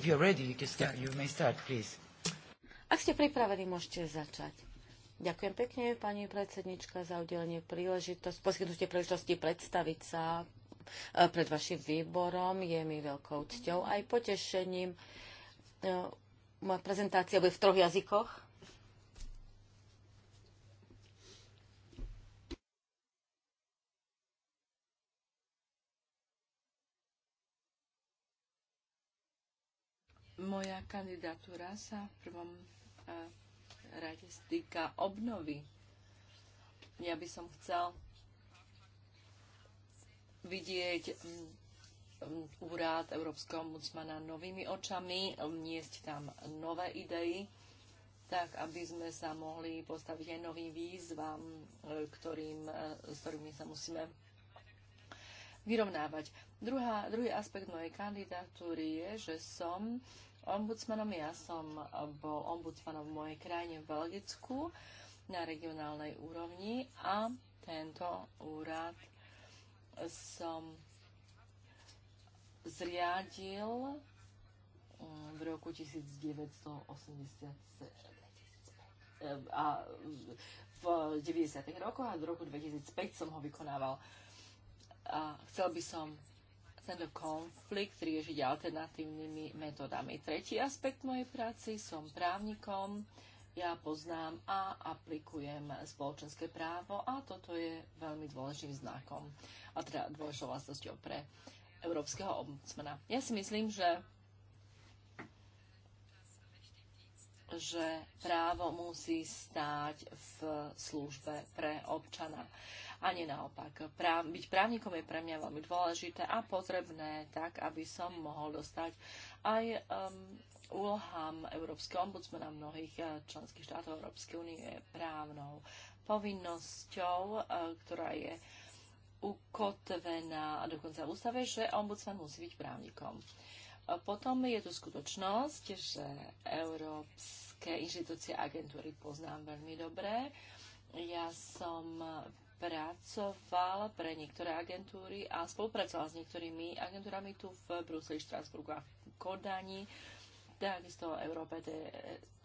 If you're ready, you, can start. you may start, please. Ak ste pripravení, môžete začať. Ďakujem pekne, pani predsednička, za udelenie príležitosti, poskytnutie príležitosti predstaviť sa e, pred vašim výborom. Je mi veľkou cťou aj potešením. E, moja prezentácia bude v troch jazykoch Moja kandidatúra sa v prvom rade týka obnovy. Ja by som chcel vidieť mm, mm, úrad Európskeho ombudsmana novými očami, niesť tam nové idei, tak aby sme sa mohli postaviť aj novým výzvam, e, ktorým, e, s ktorými sa musíme vyrovnávať. Druhá, druhý aspekt mojej kandidatúry je, že som ombudsmanom. Ja som bol ombudsmanom v mojej krajine v Belgicku na regionálnej úrovni a tento úrad som zriadil mm, v roku 1987 a v 90. rokoch a do roku 2005 som ho vykonával. A chcel by som tento konflikt riešiť alternatívnymi metodami. Tretí aspekt mojej práci, som právnikom, ja poznám a aplikujem spoločenské právo a toto je veľmi dôležitým znakom a teda dôležitou vlastnosťou pre európskeho ombudsmana. Ja si myslím, že že právo musí stáť v službe pre občana. A nie naopak. Práv, byť právnikom je pre mňa veľmi dôležité a potrebné tak, aby som mohol dostať aj um, úlohám Európskeho ombudsmana mnohých uh, členských štátov Európskej únie je právnou povinnosťou, uh, ktorá je ukotvená dokonca v ústave, že ombudsman musí byť právnikom. Uh, potom je tu skutočnosť, že európske inštitúcie agentúry poznám veľmi dobre. Ja som pracoval pre niektoré agentúry a spolupracoval s niektorými agentúrami tu v Bruseli, Štrásburgu a v Kodani. Takisto Európe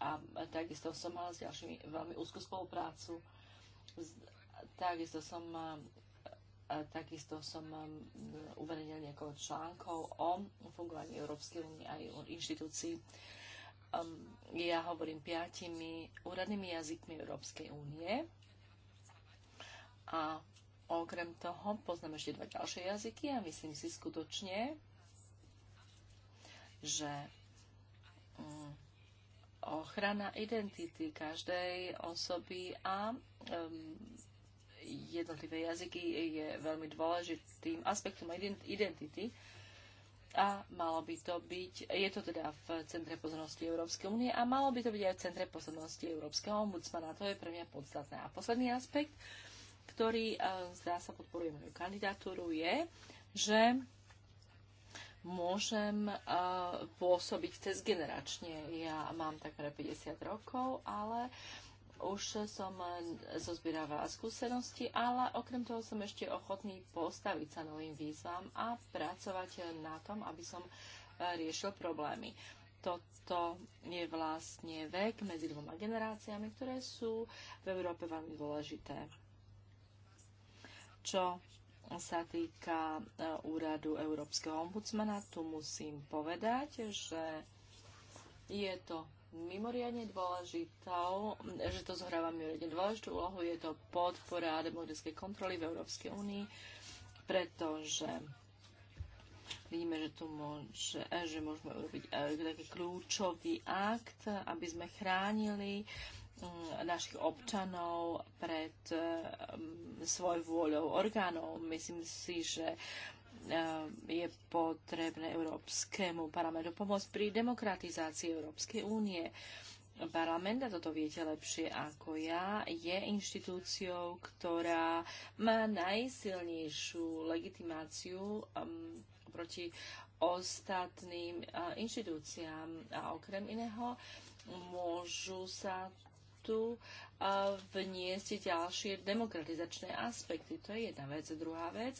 a takisto som mal s ďalšími veľmi úzkú spoluprácu. Takisto som Takisto som um, uverejnil niekoľko článkov o fungovaní Európskej únie aj o inštitúcii. Um, ja hovorím piatimi úradnými jazykmi Európskej únie a okrem toho poznám ešte dva ďalšie jazyky a myslím si skutočne, že um, ochrana identity každej osoby a um, jednotlivé jazyky je veľmi dôležitým aspektom identity a malo by to byť, je to teda v centre pozornosti Európskej únie a malo by to byť aj v centre pozornosti Európskeho ombudsmana. To je pre mňa podstatné. A posledný aspekt, ktorý e, zdá sa podporuje moju kandidatúru, je, že môžem e, pôsobiť cez generačne. Ja mám takmer 50 rokov, ale uh, už som eh, zozbierala skúsenosti, ale okrem toho som ešte ochotný postaviť sa novým výzvam a pracovať na tom, aby som eh, riešil problémy. Toto je vlastne vek medzi dvoma generáciami, ktoré sú v Európe veľmi dôležité. Čo sa týka eh, úradu Európskeho ombudsmana, tu musím povedať, že je to mimoriadne dôležitou, že to zohráva mimoriadne dôležitú úlohu, je to podpora demokratickej kontroly v Európskej únii, pretože vidíme, že tu môže, že môžeme urobiť e, taký kľúčový akt, aby sme chránili mm, našich občanov pred mm, vôľou orgánov. Myslím si, že Eh, je potrebné Európskemu parlamentu pomôcť pri demokratizácii Európskej únie. Parlament, a toto viete lepšie ako ja, je inštitúciou, ktorá má najsilnejšiu legitimáciu um, proti ostatným uh, inštitúciám. A okrem iného môžu sa tu eh, vniesť ďalšie demokratizačné aspekty. To je jedna vec. Druhá vec,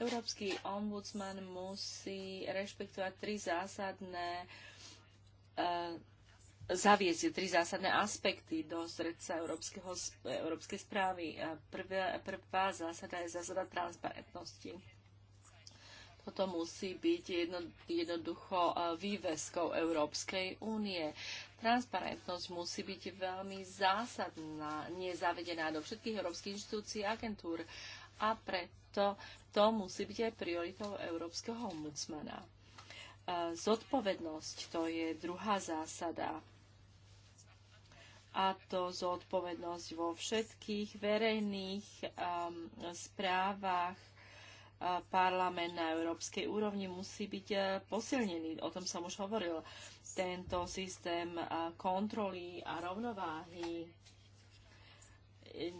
Európsky ombudsman musí rešpektovať tri zásadné e, zaviesť tri zásadné aspekty do sredca európskeho, európskej správy. Prvá, prvá zásada je zásada transparentnosti. Toto musí byť jedno, jednoducho e, výveskou Európskej únie. Transparentnosť musí byť veľmi zásadná, nezavedená do všetkých európskych inštitúcií a agentúr a preto to musí byť aj prioritou Európskeho ombudsmana. E, zodpovednosť to je druhá zásada a to zodpovednosť vo všetkých verejných um, správach e, parlament na európskej úrovni musí byť e, posilnený. O tom som už hovoril. Tento systém kontroly a rovnováhy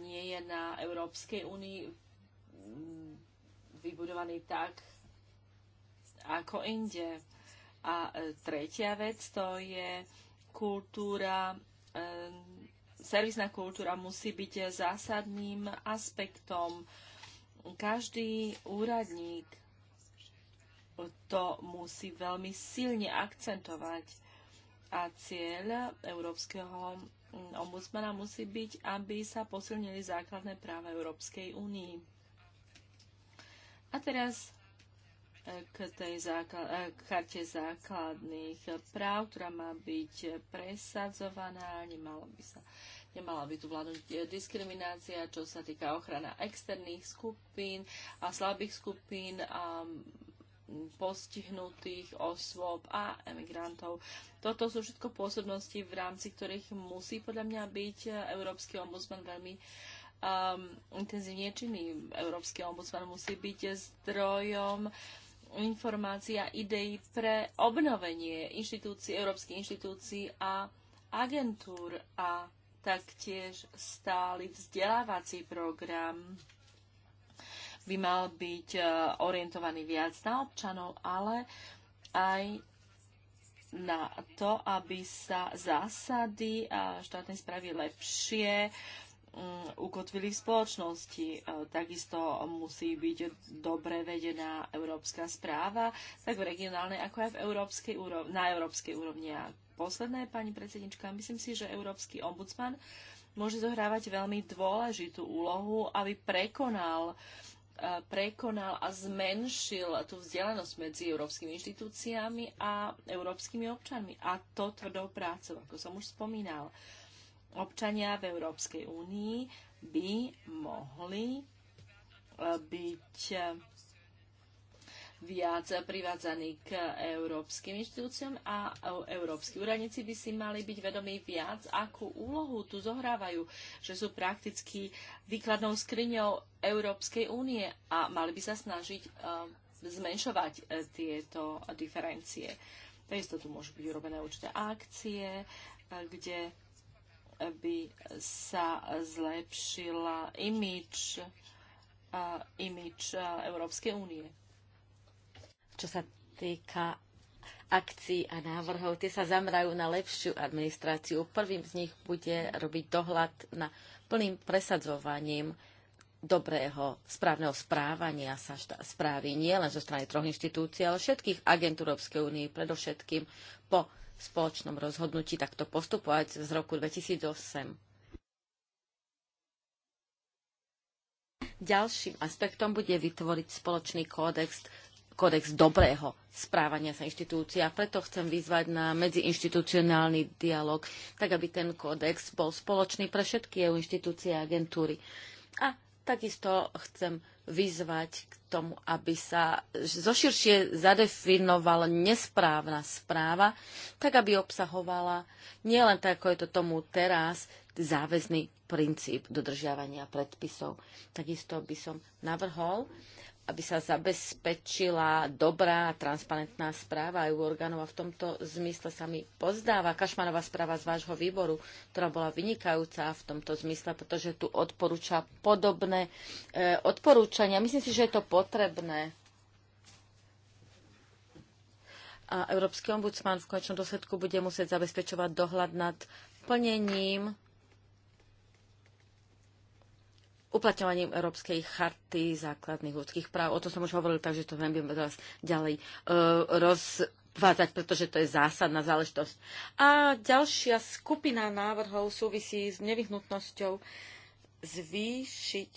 nie je na Európskej únii Mm, vybudovaný tak, ako inde. A e, tretia vec to je kultúra, e, servisná kultúra musí byť zásadným aspektom. Každý úradník to musí veľmi silne akcentovať. A cieľ Európskeho mm, ombudsmana musí byť, aby sa posilnili základné práva Európskej únii a teraz e, k tej základ, e, charte základných práv, ktorá má byť presadzovaná, nemala by, sa, nemala by tu vládnuť e, diskriminácia, čo sa týka ochrana externých skupín a slabých skupín a postihnutých osôb a emigrantov. Toto sú všetko pôsobnosti, v rámci ktorých musí podľa mňa byť Európsky ombudsman veľmi uh, um, intenzívne činný. Európsky ombudsman musí byť zdrojom informácií a ideí pre obnovenie inštitúcií, európskych inštitúcií a agentúr a taktiež stály vzdelávací program by mal byť uh, orientovaný viac na občanov, ale aj na to, aby sa zásady a uh, štátnej správy lepšie Mm, ukotvili v spoločnosti. E, takisto musí byť dobre vedená európska správa, tak v regionálnej, ako aj v európskej úrovni, na európskej úrovni. A posledné, pani predsednička, myslím si, že európsky ombudsman môže zohrávať veľmi dôležitú úlohu, aby prekonal e, prekonal a zmenšil tú vzdialenosť medzi európskymi inštitúciami a európskymi občanmi. A to tvrdou prácou, ako som už spomínal. Uh, občania v Európskej únii by mohli e, byť e, viac privádzaní k európskym inštitúciám a e, európsky úradníci by si mali byť vedomí viac, akú úlohu tu zohrávajú, že sú prakticky výkladnou skriňou Európskej únie a mali by sa snažiť zmenšovať tieto diferencie. Takisto tu môžu byť urobené určité akcie, kde by sa zlepšila imič, imič Európskej únie. Čo sa týka akcií a návrhov, tie sa zamerajú na lepšiu administráciu. Prvým z nich bude robiť dohľad na plným presadzovaním dobrého, správneho správania sa šta- správy nie len zo strany troch inštitúcií, ale všetkých agentúr Európskej únie, predovšetkým po spoločnom rozhodnutí takto postupovať z roku 2008. Ďalším aspektom bude vytvoriť spoločný kódex kódex dobrého správania sa inštitúcií a preto chcem vyzvať na medziinštitucionálny dialog, tak aby ten kódex bol spoločný pre všetky EU inštitúcie a agentúry. A Takisto chcem vyzvať k tomu, aby sa zoširšie zadefinovala nesprávna správa, tak aby obsahovala nielen tak, ako je to tomu teraz, záväzný princíp dodržiavania predpisov. Takisto by som navrhol, aby sa zabezpečila dobrá a transparentná správa EU orgánov a v tomto zmysle sa mi pozdáva Kašmanová správa z vášho výboru, ktorá bola vynikajúca v tomto zmysle, pretože tu odporúča podobné e, odporúčania. Myslím si, že je to potrebné. A Európsky ombudsman v konečnom dôsledku bude musieť zabezpečovať dohľad nad plnením uplatňovaním Európskej charty základných ľudských práv. O tom som už hovoril, takže to budeme teraz ďalej uh, rozvádzať, pretože to je zásadná záležitosť. A ďalšia skupina návrhov súvisí s nevyhnutnosťou zvýšiť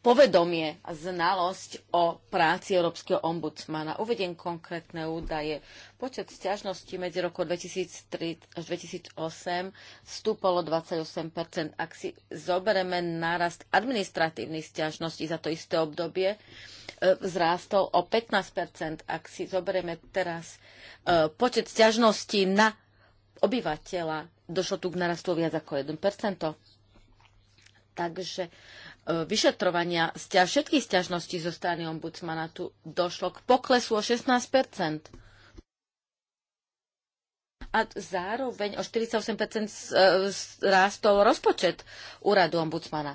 povedomie a znalosť o práci Európskeho ombudsmana. Uvediem konkrétne údaje. Počet stiažností medzi roku 2003 až 2008 vstúpolo 28 Ak si zoberieme nárast administratívnych stiažností za to isté obdobie, e, vzrástol o 15 Ak si zoberieme teraz e, počet stiažností na obyvateľa, došlo tu k narastu viac ako 1 Takže vyšetrovania všetkých stiažností zo strany ombudsmana tu došlo k poklesu o 16 a zároveň o 48% e, rástol rozpočet úradu ombudsmana.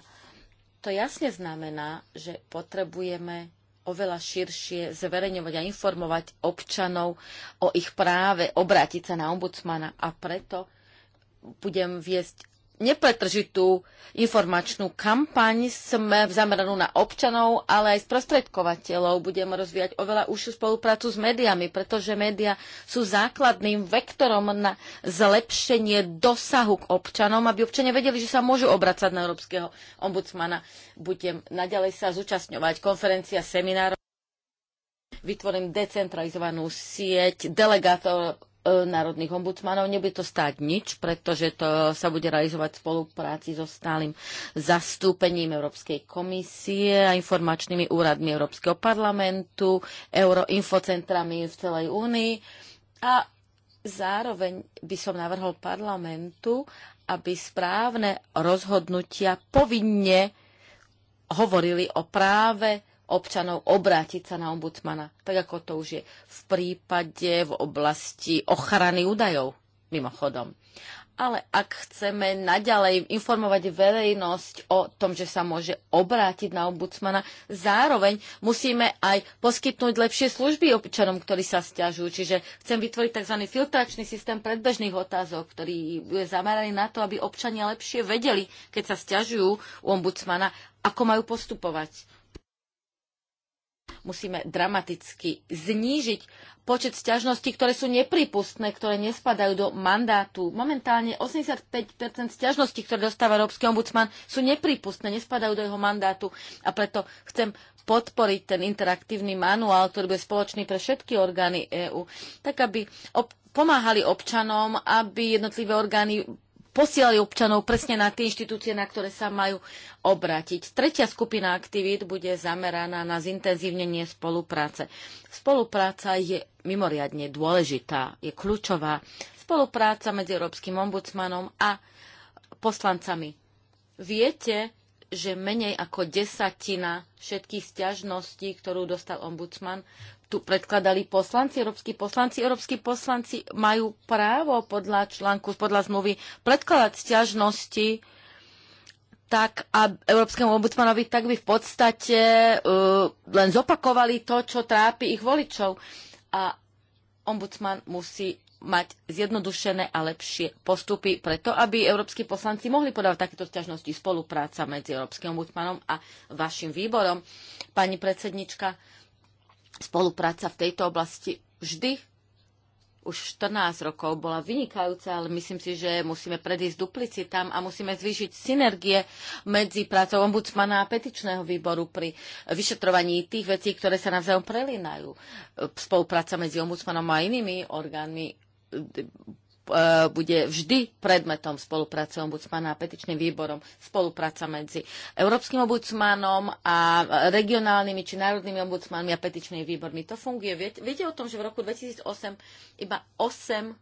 To jasne znamená, že potrebujeme oveľa širšie zverejňovať a informovať občanov o ich práve obrátiť sa na ombudsmana a preto budem viesť nepretržitú informačnú kampaň sme v zameranú na občanov, ale aj sprostredkovateľov. Budeme rozvíjať oveľa užšiu spoluprácu s médiami, pretože médiá sú základným vektorom na zlepšenie dosahu k občanom, aby občania vedeli, že sa môžu obracať na európskeho ombudsmana. Budem naďalej sa zúčastňovať konferencia, seminárov. Vytvorím decentralizovanú sieť delegátov E, národných ombudsmanov. Nebude to stáť nič, pretože to sa bude realizovať v spolupráci so stálym zastúpením Európskej komisie a informačnými úradmi Európskeho parlamentu, euroinfocentrami v celej únii. A zároveň by som navrhol parlamentu, aby správne rozhodnutia povinne hovorili o práve občanov obrátiť sa na ombudsmana, tak ako to už je v prípade v oblasti ochrany údajov, mimochodom. Ale ak chceme naďalej informovať verejnosť o tom, že sa môže obrátiť na ombudsmana, zároveň musíme aj poskytnúť lepšie služby občanom, ktorí sa stiažujú. Čiže chcem vytvoriť tzv. filtračný systém predbežných otázok, ktorý je zameraný na to, aby občania lepšie vedeli, keď sa stiažujú u ombudsmana, ako majú postupovať musíme dramaticky znížiť počet sťažností, ktoré sú nepripustné, ktoré nespadajú do mandátu. Momentálne 85 sťažností, ktoré dostáva Európsky ombudsman, sú nepripustné, nespadajú do jeho mandátu. A preto chcem podporiť ten interaktívny manuál, ktorý bude spoločný pre všetky orgány EÚ, tak aby ob- pomáhali občanom, aby jednotlivé orgány posielali občanov presne na tie inštitúcie, na ktoré sa majú obrátiť. Tretia skupina aktivít bude zameraná na zintenzívnenie spolupráce. Spolupráca je mimoriadne dôležitá, je kľúčová. Spolupráca medzi Európskym ombudsmanom a poslancami. Viete, že menej ako desatina všetkých stiažností, ktorú dostal ombudsman, tu predkladali poslanci, európsky poslanci. Európsky poslanci majú právo podľa článku, podľa zmluvy predkladať stiažnosti tak a Európskemu ombudsmanovi tak by v podstate uh, len zopakovali to, čo trápi ich voličov. A ombudsman musí mať zjednodušené a lepšie postupy preto, aby európsky poslanci mohli podávať takéto sťažnosti spolupráca medzi Európskym ombudsmanom a vašim výborom. Pani predsednička, spolupráca v tejto oblasti vždy už 14 rokov bola vynikajúca, ale myslím si, že musíme predísť duplicitám a musíme zvýšiť synergie medzi prácou ombudsmana a petičného výboru pri vyšetrovaní tých vecí, ktoré sa navzájom prelínajú. Spolupráca medzi ombudsmanom a inými orgánmi E, bude vždy predmetom spolupráce ombudsmana a petičným výborom. Spolupráca medzi Európskym ombudsmanom a regionálnymi či národnými ombudsmanmi a petičnými výbormi. To funguje. Viete, viete o tom, že v roku 2008 iba 8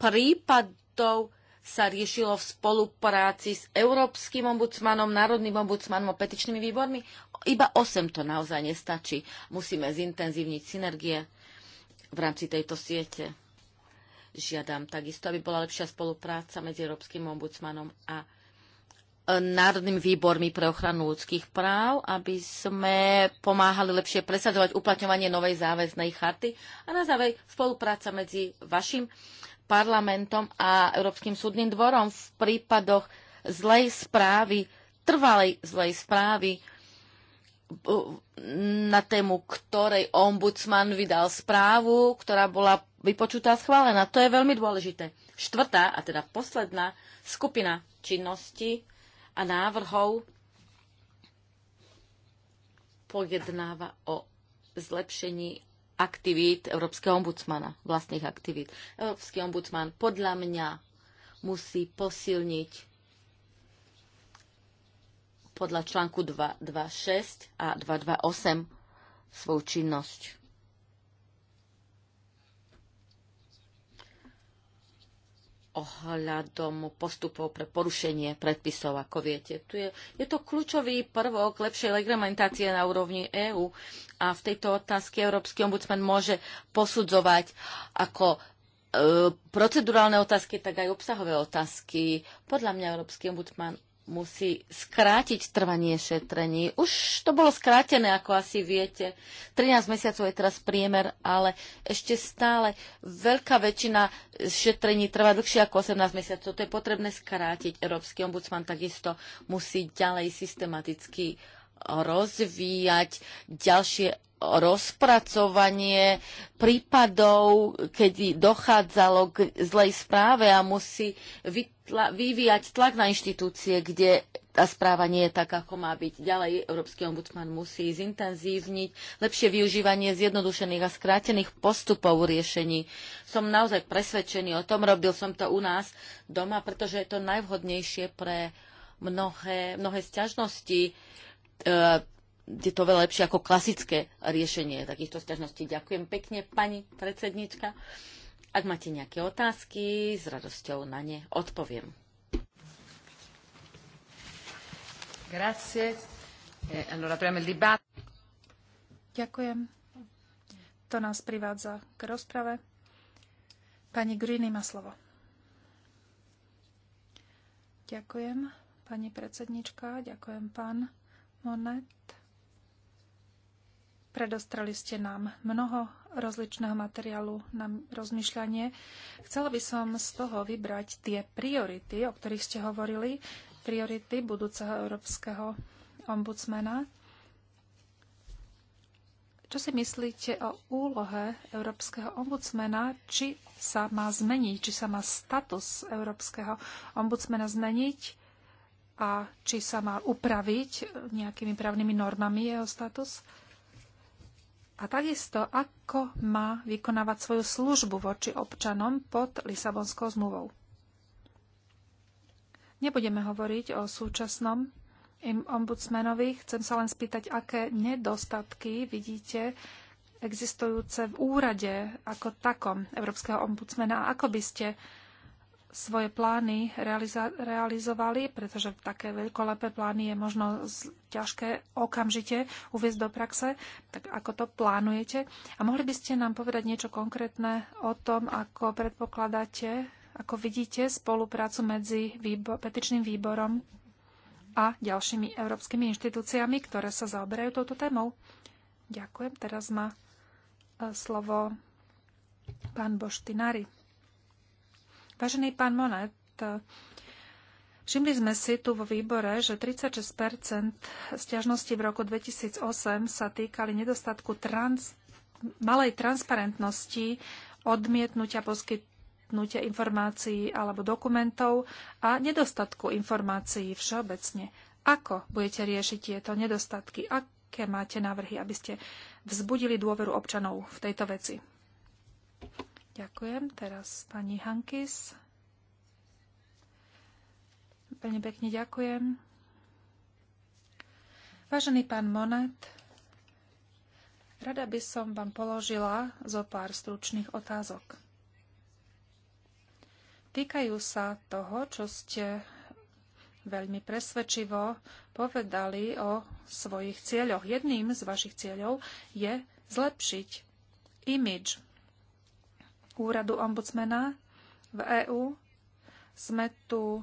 prípadov sa riešilo v spolupráci s Európskym ombudsmanom, Národným ombudsmanom a petičnými výbormi. Iba 8 to naozaj nestačí. Musíme zintenzívniť synergie v rámci tejto siete. Žiadam takisto, aby bola lepšia spolupráca medzi Európskym ombudsmanom a e, národnými výbormi pre ochranu ľudských práv, aby sme pomáhali lepšie presadzovať uplatňovanie novej záväznej charty a na záver spolupráca medzi vašim parlamentom a Európskym súdnym dvorom v prípadoch zlej správy, trvalej zlej správy na tému ktorej ombudsman vydal správu, ktorá bola vypočutá a schválená. To je veľmi dôležité. Štvrtá, a teda posledná skupina činnosti a návrhov pojednáva o zlepšení aktivít Európskeho ombudsmana, vlastných aktivít. Európsky ombudsman podľa mňa musí posilniť podľa článku 226 a 228 svoju činnosť. ohľadom postupov pre porušenie predpisov, ako viete. Tu je, je to kľúčový prvok lepšej reglementácie na úrovni EÚ a v tejto otázke Európsky ombudsman môže posudzovať ako e, procedurálne otázky, tak aj obsahové otázky. Podľa mňa Európsky ombudsman musí skrátiť trvanie šetrení. Už to bolo skrátené, ako asi viete. 13 mesiacov je teraz priemer, ale ešte stále veľká väčšina šetrení trvá dlhšie ako 18 mesiacov. To je potrebné skrátiť. Európsky ombudsman takisto musí ďalej systematicky rozvíjať ďalšie rozpracovanie prípadov, kedy dochádzalo k zlej správe a musí vyvíjať tlak na inštitúcie, kde tá správa nie je taká, ako má byť. Ďalej Európsky ombudsman musí zintenzívniť lepšie využívanie zjednodušených a skrátených postupov v riešení. Som naozaj presvedčený o tom, robil som to u nás doma, pretože je to najvhodnejšie pre mnohé, mnohé sťažnosti E, je to veľa lepšie ako klasické riešenie takýchto sťažností. Ďakujem pekne, pani predsednička. Ak máte nejaké otázky, s radosťou na ne odpoviem. Grazie. E, allora, il Ďakujem. To nás privádza k rozprave. Pani Grini má slovo. Ďakujem, pani predsednička, ďakujem, pán Monet. Predostrali ste nám mnoho rozličného materiálu na rozmýšľanie. Chcela by som z toho vybrať tie priority, o ktorých ste hovorili, priority budúceho európskeho ombudsmana. Čo si myslíte o úlohe európskeho ombudsmana? Či sa má zmeniť? Či sa má status európskeho ombudsmana zmeniť? a či sa má upraviť nejakými právnymi normami jeho status. A takisto, ako má vykonávať svoju službu voči občanom pod Lisabonskou zmluvou. Nebudeme hovoriť o súčasnom ombudsmenovi. Chcem sa len spýtať, aké nedostatky vidíte existujúce v úrade ako takom Európskeho ombudsmena a ako by ste svoje plány realizovali, pretože také veľkolepé plány je možno ťažké okamžite uviezť do praxe, tak ako to plánujete. A mohli by ste nám povedať niečo konkrétne o tom, ako predpokladáte, ako vidíte spoluprácu medzi výbo- petičným výborom a ďalšími európskymi inštitúciami, ktoré sa zaoberajú touto témou. Ďakujem. Teraz má e, slovo pán Boštinári. Vážený pán Monet, všimli sme si tu vo výbore, že 36 stiažností v roku 2008 sa týkali nedostatku trans, malej transparentnosti odmietnutia poskytnutia informácií alebo dokumentov a nedostatku informácií všeobecne. Ako budete riešiť tieto nedostatky? Aké máte návrhy, aby ste vzbudili dôveru občanov v tejto veci? Ďakujem. Teraz pani Hankis. Veľmi pekne ďakujem. Vážený pán Monet, rada by som vám položila zo pár stručných otázok. Týkajú sa toho, čo ste veľmi presvedčivo povedali o svojich cieľoch. Jedným z vašich cieľov je zlepšiť imidž úradu ombudsmena v EÚ. Sme tu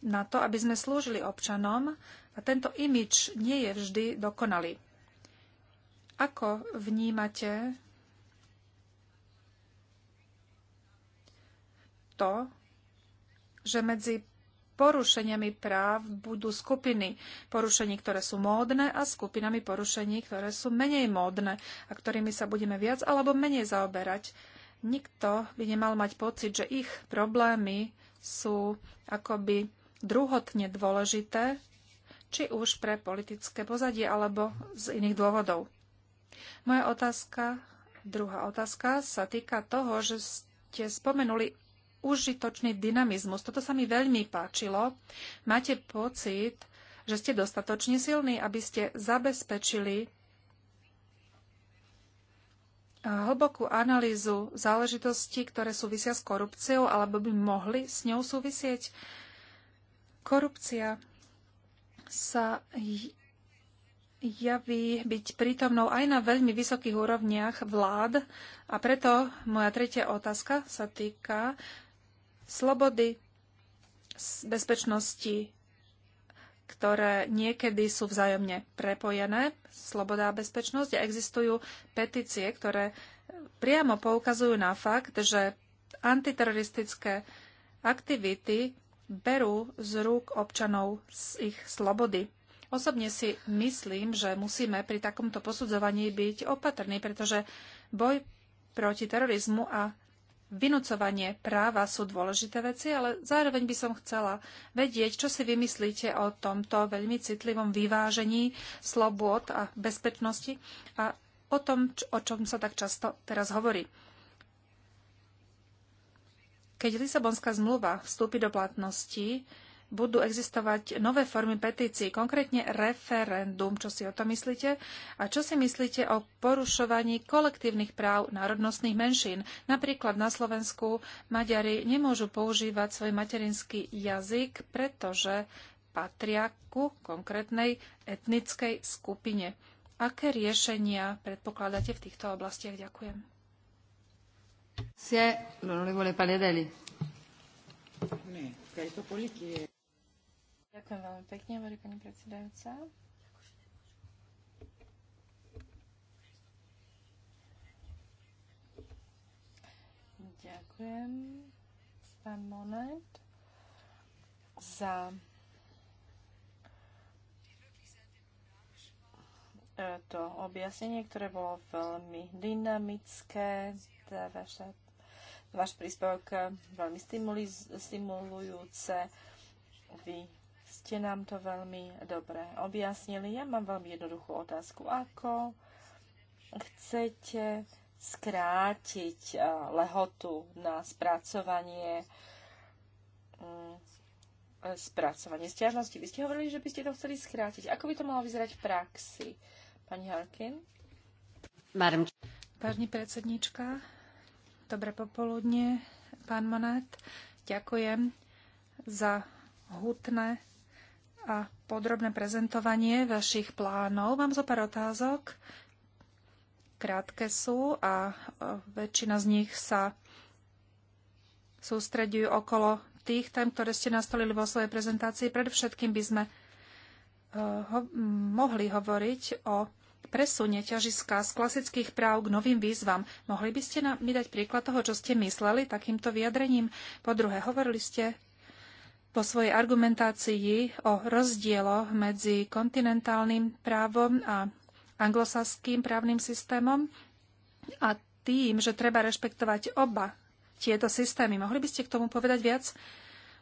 na to, aby sme slúžili občanom a tento imič nie je vždy dokonalý. Ako vnímate to, že medzi porušeniami práv budú skupiny porušení, ktoré sú módne a skupinami porušení, ktoré sú menej módne a ktorými sa budeme viac alebo menej zaoberať. Nikto by nemal mať pocit, že ich problémy sú akoby druhotne dôležité, či už pre politické pozadie alebo z iných dôvodov. Moja otázka, druhá otázka, sa týka toho, že ste spomenuli užitočný dynamizmus. Toto sa mi veľmi páčilo. Máte pocit, že ste dostatočne silní, aby ste zabezpečili eh, hlbokú analýzu záležitostí, ktoré súvisia s korupciou alebo by mohli s ňou súvisieť. Korupcia sa javí byť prítomnou aj na veľmi vysokých úrovniach vlád a preto moja tretia otázka sa týka slobody, bezpečnosti, ktoré niekedy sú vzájomne prepojené, sloboda a bezpečnosť. A existujú petície, ktoré priamo poukazujú na fakt, že antiteroristické aktivity berú z rúk občanov z ich slobody. Osobne si myslím, že musíme pri takomto posudzovaní byť opatrní, pretože boj proti terorizmu a vynúcovanie práva sú dôležité veci, ale zároveň by som chcela vedieť, čo si vymyslíte o tomto veľmi citlivom vyvážení slobod a bezpečnosti a o tom, o čom sa tak často teraz hovorí. Keď Lisabonská zmluva vstúpi do platnosti, budú existovať nové formy petícií, konkrétne referendum. Čo si o to myslíte? A čo si myslíte o porušovaní kolektívnych práv národnostných menšín? Napríklad na Slovensku Maďari nemôžu používať svoj materinský jazyk, pretože patria ku konkrétnej etnickej skupine. Aké riešenia predpokladáte v týchto oblastiach? Ďakujem. Grazie, l'onorevole Paliadeli. Ďakujem veľmi pekne, hovorí pani predsedajúca. Ďakujem, pán Monet, za e, to objasnenie, ktoré bolo veľmi dynamické, tá vaša, váš príspevok veľmi stimulujúce. Vy ste nám to veľmi dobre objasnili. Ja mám veľmi jednoduchú otázku. Ako chcete skrátiť eh, lehotu na spracovanie mm, spracovanie stiažnosti. Vy ste hovorili, že by ste to chceli skrátiť. Ako by to malo vyzerať v praxi? Pani Harkin? Pani predsednička, dobré popoludne, pán Monet. Ďakujem za hutné a podrobné prezentovanie vašich plánov. Mám zo pár otázok. Krátke sú a e, väčšina z nich sa sústredujú okolo tých tém, ktoré ste nastolili vo svojej prezentácii. Predovšetkým by sme e, ho- mohli hovoriť o presunie ťažiska z klasických práv k novým výzvam. Mohli by ste nám mi dať príklad toho, čo ste mysleli takýmto vyjadrením? Po druhé, hovorili ste vo svojej argumentácii o rozdieloch medzi kontinentálnym právom a anglosaským právnym systémom a tým, že treba rešpektovať oba tieto systémy. Mohli by ste k tomu povedať viac?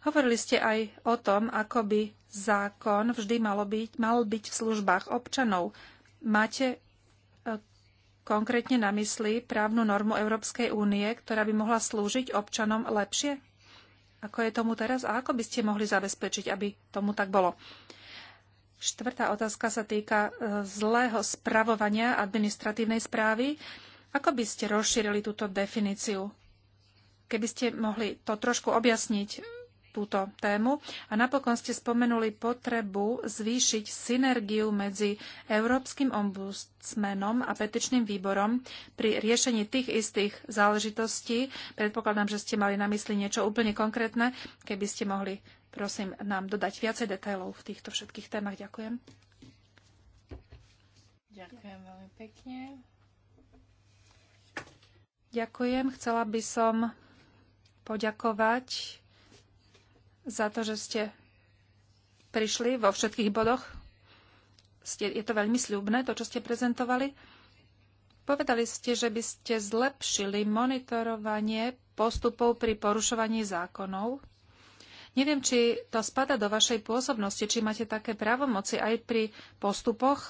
Hovorili ste aj o tom, ako by zákon vždy malo byť, mal byť v službách občanov. Máte e, konkrétne na mysli právnu normu Európskej únie, ktorá by mohla slúžiť občanom lepšie? ako je tomu teraz a ako by ste mohli zabezpečiť, aby tomu tak bolo. Štvrtá otázka sa týka e, zlého spravovania administratívnej správy. Ako by ste rozšírili túto definíciu? Keby ste mohli to trošku objasniť, túto tému. A napokon ste spomenuli potrebu zvýšiť synergiu medzi Európskym ombudsmenom a petičným výborom pri riešení tých istých záležitostí. Predpokladám, že ste mali na mysli niečo úplne konkrétne, keby ste mohli prosím nám dodať viacej detailov v týchto všetkých témach. Ďakujem. Ďakujem veľmi pekne. Ďakujem. Chcela by som poďakovať za to, že ste prišli vo všetkých bodoch. Ste, je to veľmi sľubné, to, čo ste prezentovali. Povedali ste, že by ste zlepšili monitorovanie postupov pri porušovaní zákonov. Neviem, či to spada do vašej pôsobnosti, či máte také právomoci aj pri postupoch,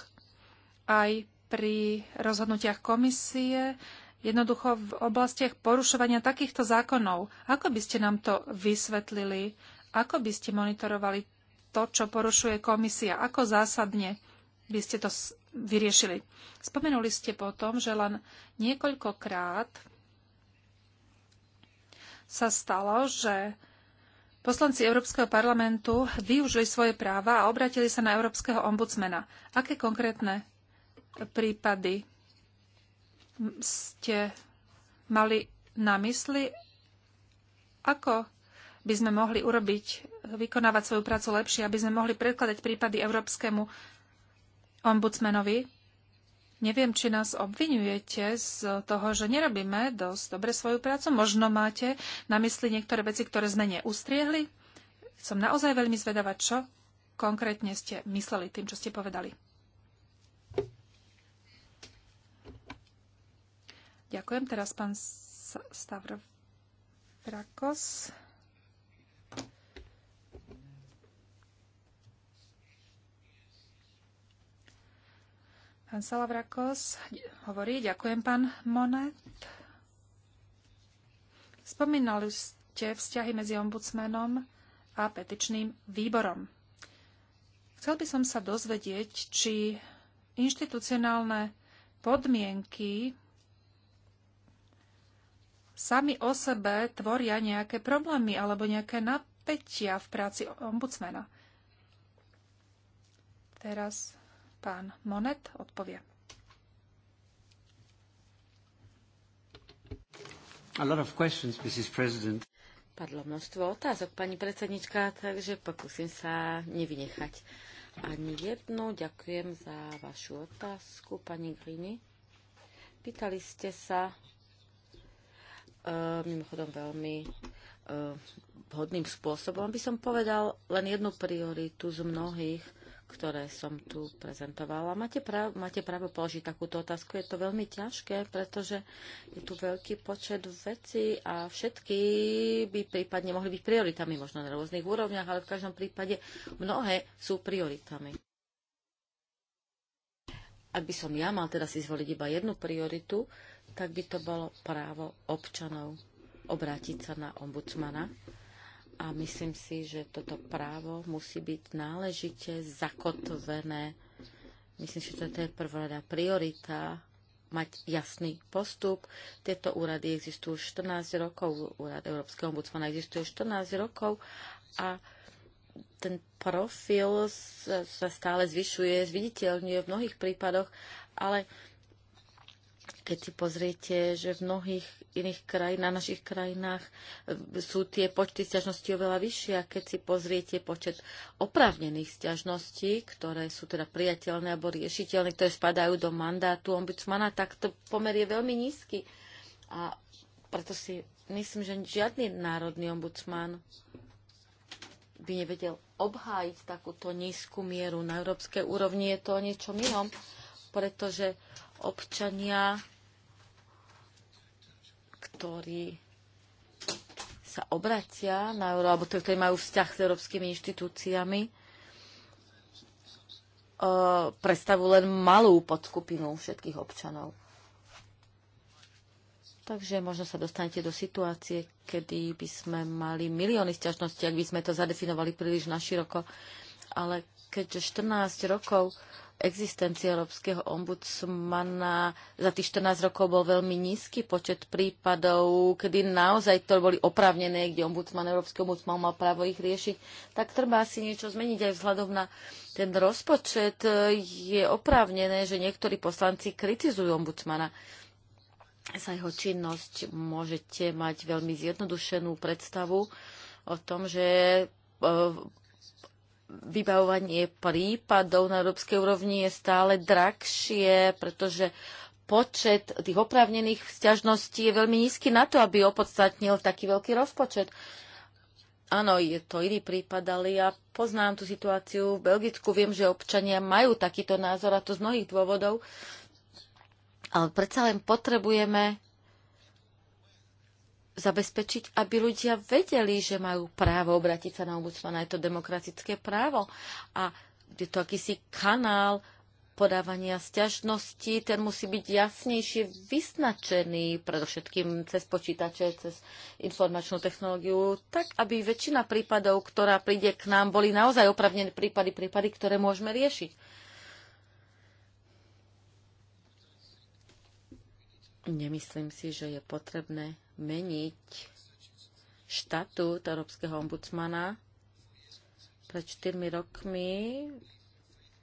aj pri rozhodnutiach komisie, jednoducho v oblastiach porušovania takýchto zákonov. Ako by ste nám to vysvetlili? Ako by ste monitorovali to, čo porušuje komisia? Ako zásadne by ste to vyriešili? Spomenuli ste potom, že len niekoľkokrát sa stalo, že poslanci Európskeho parlamentu využili svoje práva a obratili sa na Európskeho ombudsmena. Aké konkrétne prípady ste mali na mysli? Ako by sme mohli urobiť, vykonávať svoju prácu lepšie, aby sme mohli predkladať prípady Európskemu ombudsmanovi. Neviem, či nás obvinujete z toho, že nerobíme dosť dobre svoju prácu. Možno máte na mysli niektoré veci, ktoré sme neustriehli. Som naozaj veľmi zvedavá, čo konkrétne ste mysleli tým, čo ste povedali. Ďakujem. Teraz pán Rakos. Pán Salavrakos hovorí, ďakujem pán Monet. Spomínali ste vzťahy medzi ombudsmenom a petičným výborom. Chcel by som sa dozvedieť, či inštitucionálne podmienky sami o sebe tvoria nejaké problémy alebo nejaké napätia v práci ombudsmena. Teraz Pán Monet odpovie. A lot of questions, Mrs. President. Padlo množstvo otázok, pani predsednička, takže pokúsim sa nevynechať ani jednu. Ďakujem za vašu otázku, pani Grini. Pýtali ste sa, e, mimochodom veľmi e, vhodným spôsobom, by som povedal len jednu prioritu z mnohých, ktoré som tu prezentovala. Máte, prav, máte právo položiť takúto otázku. Je to veľmi ťažké, pretože je tu veľký počet vecí a všetky by prípadne mohli byť prioritami, možno na rôznych úrovniach, ale v každom prípade mnohé sú prioritami. Ak by som ja mal teda si zvoliť iba jednu prioritu, tak by to bolo právo občanov obrátiť sa na ombudsmana a myslím si, že toto právo musí byť náležite zakotvené. Myslím, že toto je prvrada priorita, mať jasný postup. Tieto úrady existujú 14 rokov, úrad Európskeho ombudsmana existuje 14 rokov a ten profil sa stále zvyšuje, zviditeľňuje v mnohých prípadoch, ale keď si pozriete, že v mnohých iných krajinách, našich krajinách eh, sú tie počty stiažností oveľa vyššie a keď si pozriete počet oprávnených stiažností, ktoré sú teda priateľné alebo riešiteľné, ktoré spadajú do mandátu ombudsmana, tak to pomer je veľmi nízky. A preto si myslím, že žiadny národný ombudsman by nevedel obhájiť takúto nízku mieru. Na európskej úrovni je to o niečom inom, pretože občania, ktorí sa obratia na euro, alebo ktorí majú vzťah s európskymi inštitúciami, e, predstavujú len malú podskupinu všetkých občanov. Takže možno sa dostanete do situácie, kedy by sme mali milióny sťažností, ak by sme to zadefinovali príliš naširoko. Ale keďže 14 rokov existencia Európskeho ombudsmana za tých 14 rokov bol veľmi nízky počet prípadov, kedy naozaj to boli oprávnené, kde ombudsman, Európsky ombudsman mal právo ich riešiť, tak treba asi niečo zmeniť aj vzhľadom na ten rozpočet. Je oprávnené, že niektorí poslanci kritizujú ombudsmana za jeho činnosť. Môžete mať veľmi zjednodušenú predstavu o tom, že eh, vybavovanie prípadov na európskej úrovni je stále drahšie, pretože počet tých oprávnených vzťažností je veľmi nízky na to, aby opodstatnil taký veľký rozpočet. Áno, je to iný prípad, ale ja poznám tú situáciu v Belgicku. Viem, že občania majú takýto názor a to z mnohých dôvodov. Ale predsa len potrebujeme zabezpečiť, aby ľudia vedeli, že majú právo obrátiť sa na ombudsmana. Je to demokratické právo. A je to akýsi kanál podávania sťažnosti, ten musí byť jasnejšie vyznačený, predovšetkým cez počítače, cez informačnú technológiu, tak aby väčšina prípadov, ktorá príde k nám, boli naozaj opravnené prípady, prípady, ktoré môžeme riešiť. Nemyslím si, že je potrebné meniť štatút Európskeho ombudsmana. Pred 4 rokmi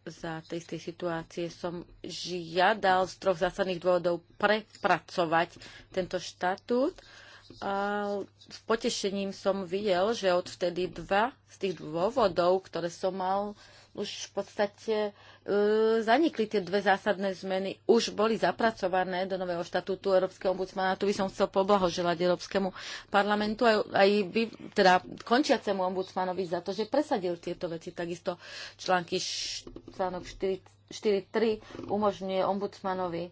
za tej istej situácie som žiadal z troch zásadných dôvodov prepracovať tento štatút. A s potešením som videl, že odvtedy dva z tých dôvodov, ktoré som mal, už v podstate E, zanikli tie dve zásadné zmeny, už boli zapracované do nového štatútu Európskeho ombudsmana. Tu by som chcel poblahoželať Európskemu parlamentu aj, aj by, teda končiacemu ombudsmanovi za to, že presadil tieto veci. Takisto články článok 4.3 umožňuje ombudsmanovi e,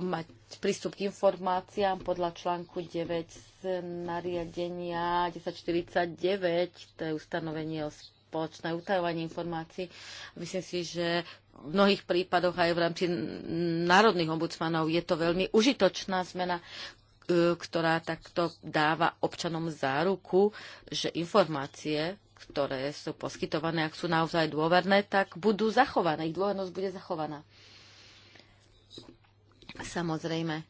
mať prístup k informáciám podľa článku 9 nariadenia 1049, to je ustanovenie o spoločné utajovanie informácií. Myslím si, že v mnohých prípadoch aj v rámci národných ombudsmanov je to veľmi užitočná zmena, e, ktorá takto dáva občanom záruku, že informácie, ktoré sú poskytované, ak sú naozaj dôverné, tak budú zachované. Ich dôvernosť bude zachovaná. Samozrejme,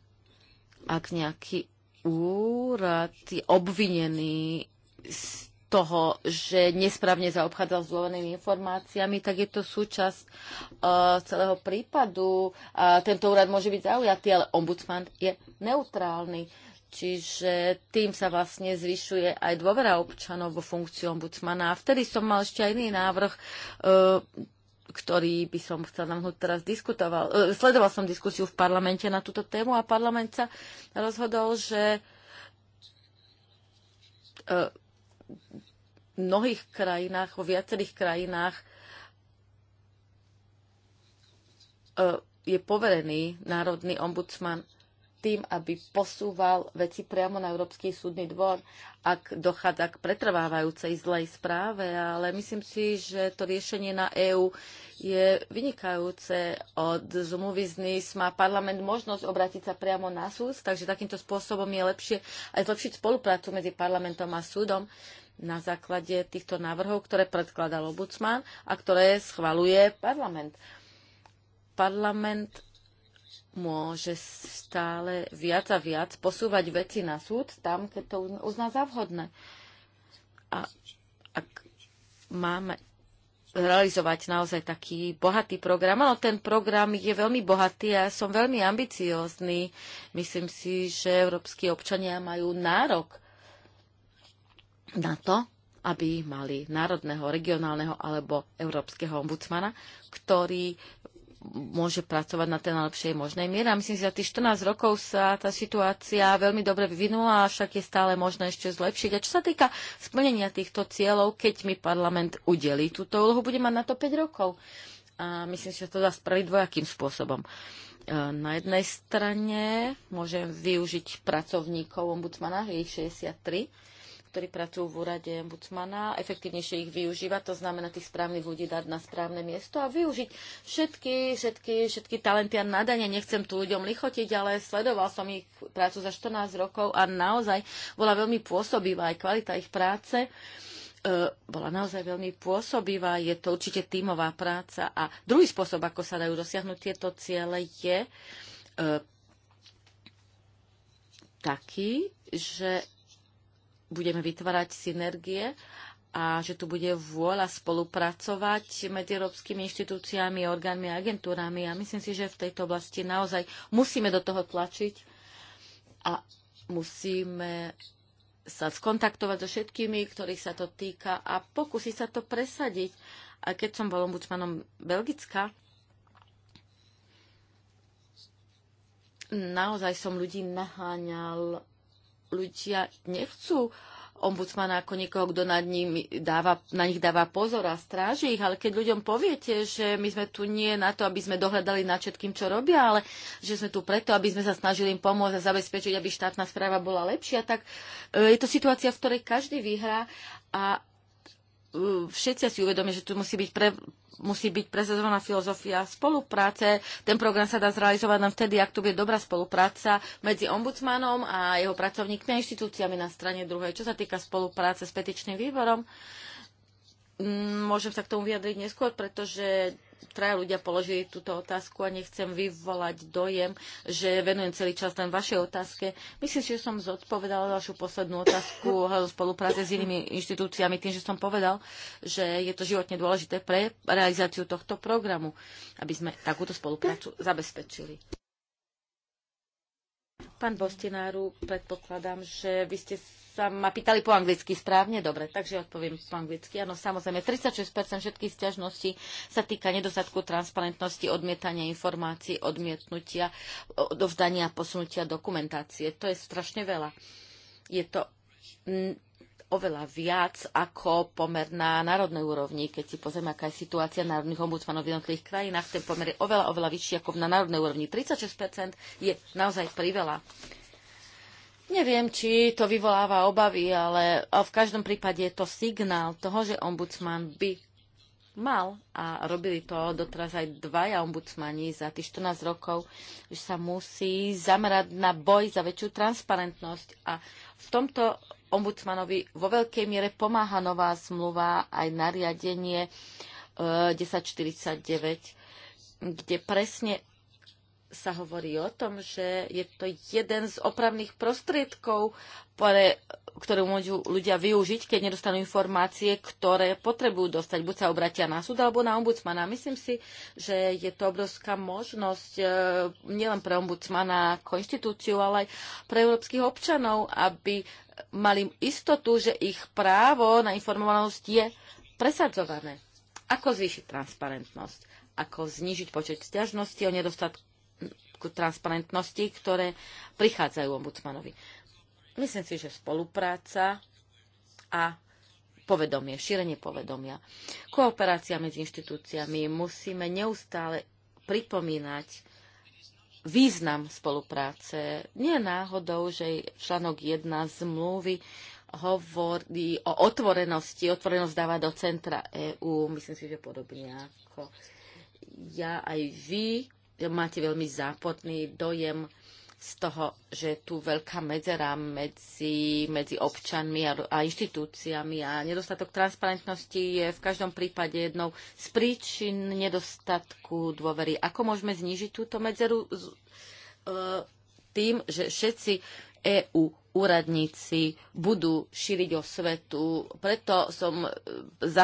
ak nejaký úrad je obvinený z toho, že nesprávne zaobchádzal s dôvernými informáciami, tak je to súčasť uh, celého prípadu. Uh, tento úrad môže byť zaujatý, ale ombudsman je neutrálny. Čiže tým sa vlastne zvyšuje aj dôvera občanov vo funkciu ombudsmana. A vtedy som mal ešte aj iný návrh. Uh, ktorý by som chcel nám teraz diskutoval. E, sledoval som diskusiu v parlamente na túto tému a parlament sa rozhodol, že e, v mnohých krajinách, vo viacerých krajinách e, je poverený národný ombudsman tým, aby posúval veci priamo na Európsky súdny dvor, ak dochádza k pretrvávajúcej zlej správe, ale myslím si, že to riešenie na EÚ je vynikajúce. Od zmluvy z NIS má parlament možnosť obrátiť sa priamo na súd, takže takýmto spôsobom je lepšie aj zlepšiť spoluprácu medzi parlamentom a súdom na základe týchto návrhov, ktoré predkladal obudsman a ktoré schvaluje parlament. Parlament môže stále viac a viac posúvať veci na súd tam, keď to uzná za vhodné. A ak máme realizovať naozaj taký bohatý program. ale ten program je veľmi bohatý a som veľmi ambiciózny. Myslím si, že európsky občania majú nárok na to, aby mali národného, regionálneho alebo európskeho ombudsmana, ktorý môže pracovať na tej najlepšej možnej miere. A myslím si, že za tých 14 rokov sa tá situácia veľmi dobre vyvinula, avšak je stále možné ešte zlepšiť. A čo sa týka splnenia týchto cieľov, keď mi parlament udelí túto úlohu, bude mať na to 5 rokov. A myslím si, že to dá spraviť dvojakým spôsobom. E, na jednej strane môžem využiť pracovníkov ombudsmana, je ich 63, ktorí pracujú v úrade ombudsmana, efektívnejšie ich využívať, to znamená tých správnych ľudí dať na správne miesto a využiť všetky, všetky, všetky talenty a nadania. Nechcem tu ľuďom lichotiť, ale sledoval som ich prácu za 14 rokov a naozaj bola veľmi pôsobivá aj kvalita ich práce e, bola naozaj veľmi pôsobivá, je to určite tímová práca a druhý spôsob, ako sa dajú dosiahnuť tieto ciele, je e, taký, že budeme vytvárať synergie a že tu bude vôľa spolupracovať medzi európskymi inštitúciami, orgánmi a agentúrami. A myslím si, že v tejto oblasti naozaj musíme do toho tlačiť a musíme sa skontaktovať so všetkými, ktorých sa to týka a pokúsiť sa to presadiť. A keď som bol ombudsmanom Belgická, naozaj som ľudí naháňal ľudia nechcú ombudsmana ako niekoho, kto nad ním dáva, na nich dáva pozor a stráži ich, ale keď ľuďom poviete, že my sme tu nie na to, aby sme dohľadali nad všetkým, čo robia, ale že sme tu preto, aby sme sa snažili im pomôcť a zabezpečiť, aby štátna správa bola lepšia, tak e, je to situácia, v ktorej každý vyhrá a všetci si uvedomia, že tu musí byť, pre, musí byť prezazovaná filozofia spolupráce. Ten program sa dá zrealizovať len vtedy, ak tu bude dobrá spolupráca medzi ombudsmanom a jeho pracovníkmi a inštitúciami na strane druhej. Čo sa týka spolupráce s petičným výborom, môžem sa k tomu vyjadriť neskôr, pretože traja ľudia položili túto otázku a nechcem vyvolať dojem, že venujem celý čas len vašej otázke. Myslím, že som zodpovedala vašu poslednú otázku o spolupráce s inými inštitúciami tým, že som povedal, že je to životne dôležité pre realizáciu tohto programu, aby sme takúto spoluprácu zabezpečili. Pán Bostináru, predpokladám, že vy ste sa ma pýtali po anglicky správne, dobre, takže odpoviem po anglicky. Áno, samozrejme, 36% všetkých stiažností sa týka nedostatku transparentnosti, odmietania informácií, odmietnutia, dovzdania a posunutia dokumentácie. To je strašne veľa. Je to oveľa viac ako pomer na národnej úrovni. Keď si pozrieme, aká je situácia národných ombudsmanov v jednotlivých krajinách, ten pomer je oveľa, oveľa vyšší ako na národnej úrovni. 36% je naozaj priveľa. Neviem, či to vyvoláva obavy, ale v každom prípade je to signál toho, že ombudsman by mal a robili to doteraz aj dvaja ombudsmani za tých 14 rokov, že sa musí zamerať na boj za väčšiu transparentnosť a v tomto ombudsmanovi vo veľkej miere pomáha nová zmluva aj nariadenie 1049, e, kde presne sa hovorí o tom, že je to jeden z opravných prostriedkov, pre, ktoré môžu ľudia využiť, keď nedostanú informácie, ktoré potrebujú dostať. Buď sa obratia na súd alebo na ombudsmana. Myslím si, že je to obrovská možnosť e, nielen pre ombudsmana ako inštitúciu, ale aj pre európskych občanov, aby mali istotu, že ich právo na informovanosť je presadzované. Ako zvýšiť transparentnosť? ako znižiť počet sťažností o nedostatku nedostatku transparentnosti, ktoré prichádzajú ombudsmanovi. Myslím si, že spolupráca a povedomie, šírenie povedomia. Kooperácia medzi inštitúciami. Musíme neustále pripomínať význam spolupráce. Nie náhodou, že článok 1 zmluvy hovorí o otvorenosti. Otvorenosť dáva do centra EÚ. Myslím si, že podobne ako ja aj vy máte veľmi zápotný dojem z toho, že je tu veľká medzera medzi, medzi občanmi a, a inštitúciami a nedostatok transparentnosti je v každom prípade jednou z príčin nedostatku dôvery. Ako môžeme znížiť túto medzeru? E, tým, že všetci EÚ úradníci budú šíriť o svetu. Preto som e,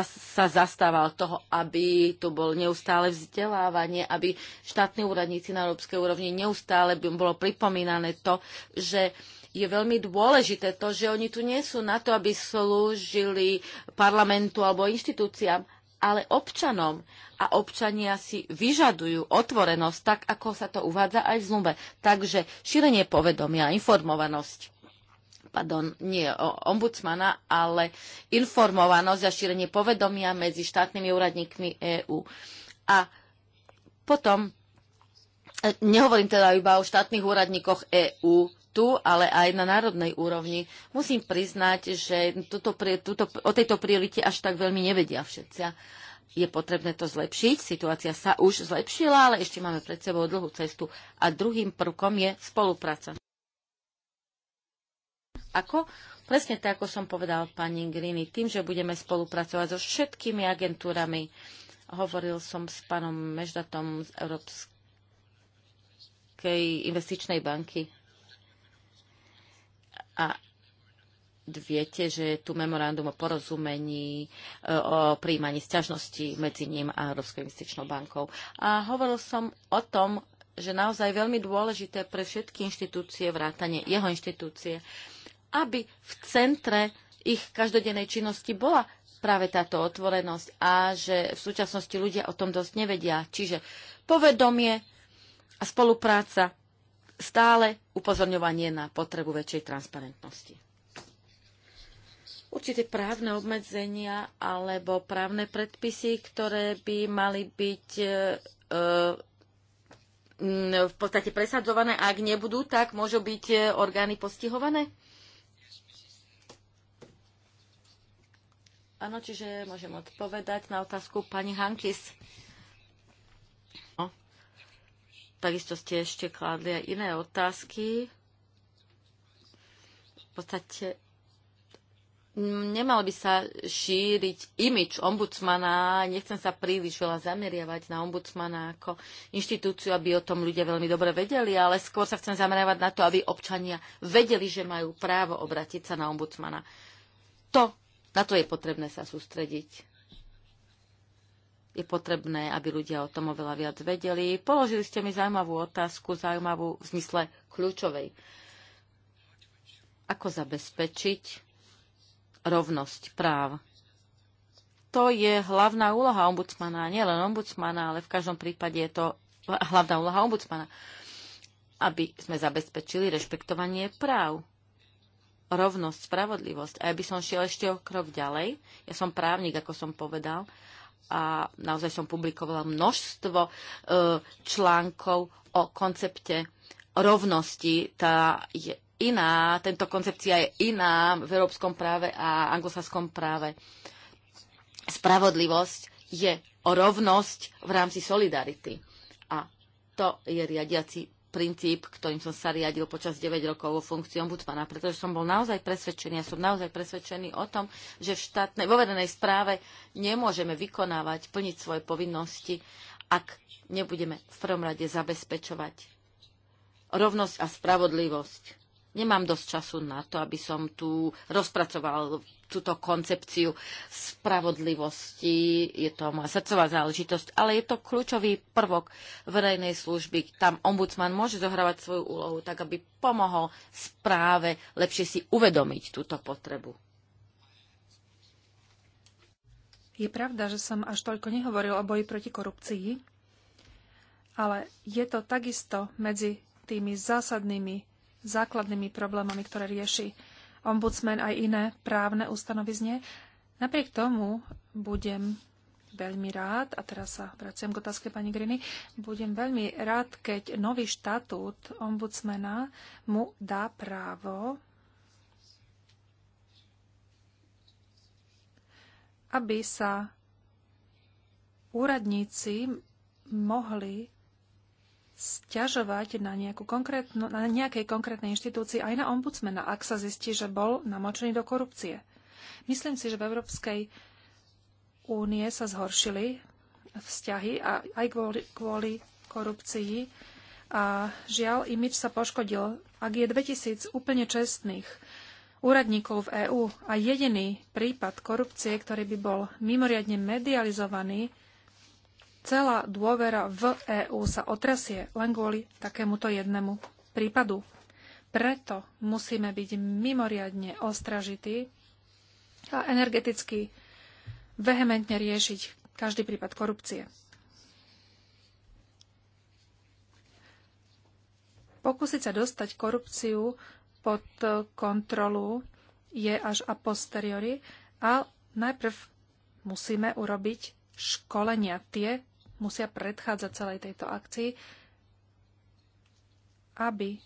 sa zastával toho, aby to bol neustále vzdelávanie, aby štátni úradníci na európskej úrovni neustále by bolo pripomínané to, že je veľmi dôležité to, že oni tu nie sú na to, aby slúžili parlamentu alebo inštitúciám, ale občanom. A občania si vyžadujú otvorenosť, tak ako sa to uvádza aj v zlumbe. Takže šírenie povedomia, informovanosť pardon, nie ombudsmana, ale informovanosť a šírenie povedomia medzi štátnymi úradníkmi EÚ. A potom, e, nehovorím teda iba o štátnych úradníkoch EÚ, tu, ale aj na národnej úrovni. Musím priznať, že tuto, tuto, o tejto priorite až tak veľmi nevedia všetci. Je potrebné to zlepšiť. Situácia sa už zlepšila, ale ešte máme pred sebou dlhú cestu. A druhým prvkom je spolupráca. Ako? Presne tak, ako som povedal pani Grini, tým, že budeme spolupracovať so všetkými agentúrami. Hovoril som s pánom Meždatom z Európskej investičnej banky a viete, že je tu memorandum o porozumení, e, o príjmaní sťažností medzi ním a Európskou investičnou bankou. A hovoril som o tom, že naozaj veľmi dôležité pre všetky inštitúcie, vrátane jeho inštitúcie, aby v centre ich každodennej činnosti bola práve táto otvorenosť a že v súčasnosti ľudia o tom dosť nevedia. Čiže povedomie a spolupráca stále upozorňovanie na potrebu väčšej transparentnosti. Určite právne obmedzenia alebo právne predpisy, ktoré by mali byť e, e v podstate presadzované, ak nebudú, tak môžu byť e, orgány postihované? Áno, čiže môžem odpovedať na otázku pani Hankis. Takisto ste ešte kládli aj iné otázky. V podstate nemal by sa šíriť imič ombudsmana. Nechcem sa príliš veľa zameriavať na ombudsmana ako inštitúciu, aby o tom ľudia veľmi dobre vedeli, ale skôr sa chcem zameriavať na to, aby občania vedeli, že majú právo obratiť sa na ombudsmana. To, na to je potrebné sa sústrediť je potrebné, aby ľudia o tom oveľa viac vedeli. Položili ste mi zaujímavú otázku, zaujímavú v zmysle kľúčovej. Ako zabezpečiť rovnosť práv? To je hlavná úloha ombudsmana, nielen ombudsmana, ale v každom prípade je to hlavná úloha ombudsmana, aby sme zabezpečili rešpektovanie práv rovnosť, spravodlivosť. A ja by som šiel ešte o krok ďalej. Ja som právnik, ako som povedal a naozaj som publikovala množstvo e, článkov o koncepte rovnosti. Tá je iná, tento koncepcia je iná v európskom práve a anglosaskom práve. Spravodlivosť je o rovnosť v rámci solidarity. A to je riadiaci princíp, ktorým som sa riadil počas 9 rokov vo funkcii ombudsmana, pretože som bol naozaj presvedčený, a som naozaj presvedčený o tom, že v štátnej, vo vedenej správe nemôžeme vykonávať, plniť svoje povinnosti, ak nebudeme v prvom rade zabezpečovať rovnosť a spravodlivosť Nemám dosť času na to, aby som tu rozpracoval túto koncepciu spravodlivosti. Je to moja srdcová záležitosť, ale je to kľúčový prvok verejnej služby. Tam ombudsman môže zohrávať svoju úlohu tak, aby pomohol správe lepšie si uvedomiť túto potrebu. Je pravda, že som až toľko nehovoril o boji proti korupcii, ale je to takisto medzi tými zásadnými základnými problémami, ktoré rieši ombudsman aj iné právne ustanovizne. Napriek tomu budem veľmi rád, a teraz sa vraciam k otázke pani Griny, budem veľmi rád, keď nový štatút ombudsmena mu dá právo, aby sa úradníci mohli sťažovať na, konkrétnu, na nejakej konkrétnej inštitúcii aj na ombudsmena, ak sa zistí, že bol namočený do korupcie. Myslím si, že v Európskej únie sa zhoršili vzťahy a aj kvôli, kvôli korupcii a žiaľ, imič sa poškodil. Ak je 2000 úplne čestných úradníkov v EÚ a jediný prípad korupcie, ktorý by bol mimoriadne medializovaný, celá dôvera v EÚ sa otrasie len kvôli takémuto jednému prípadu. Preto musíme byť mimoriadne ostražití a energeticky vehementne riešiť každý prípad korupcie. Pokúsiť sa dostať korupciu pod kontrolu je až a posteriori a najprv musíme urobiť školenia tie, musia predchádzať celej tejto akcii, aby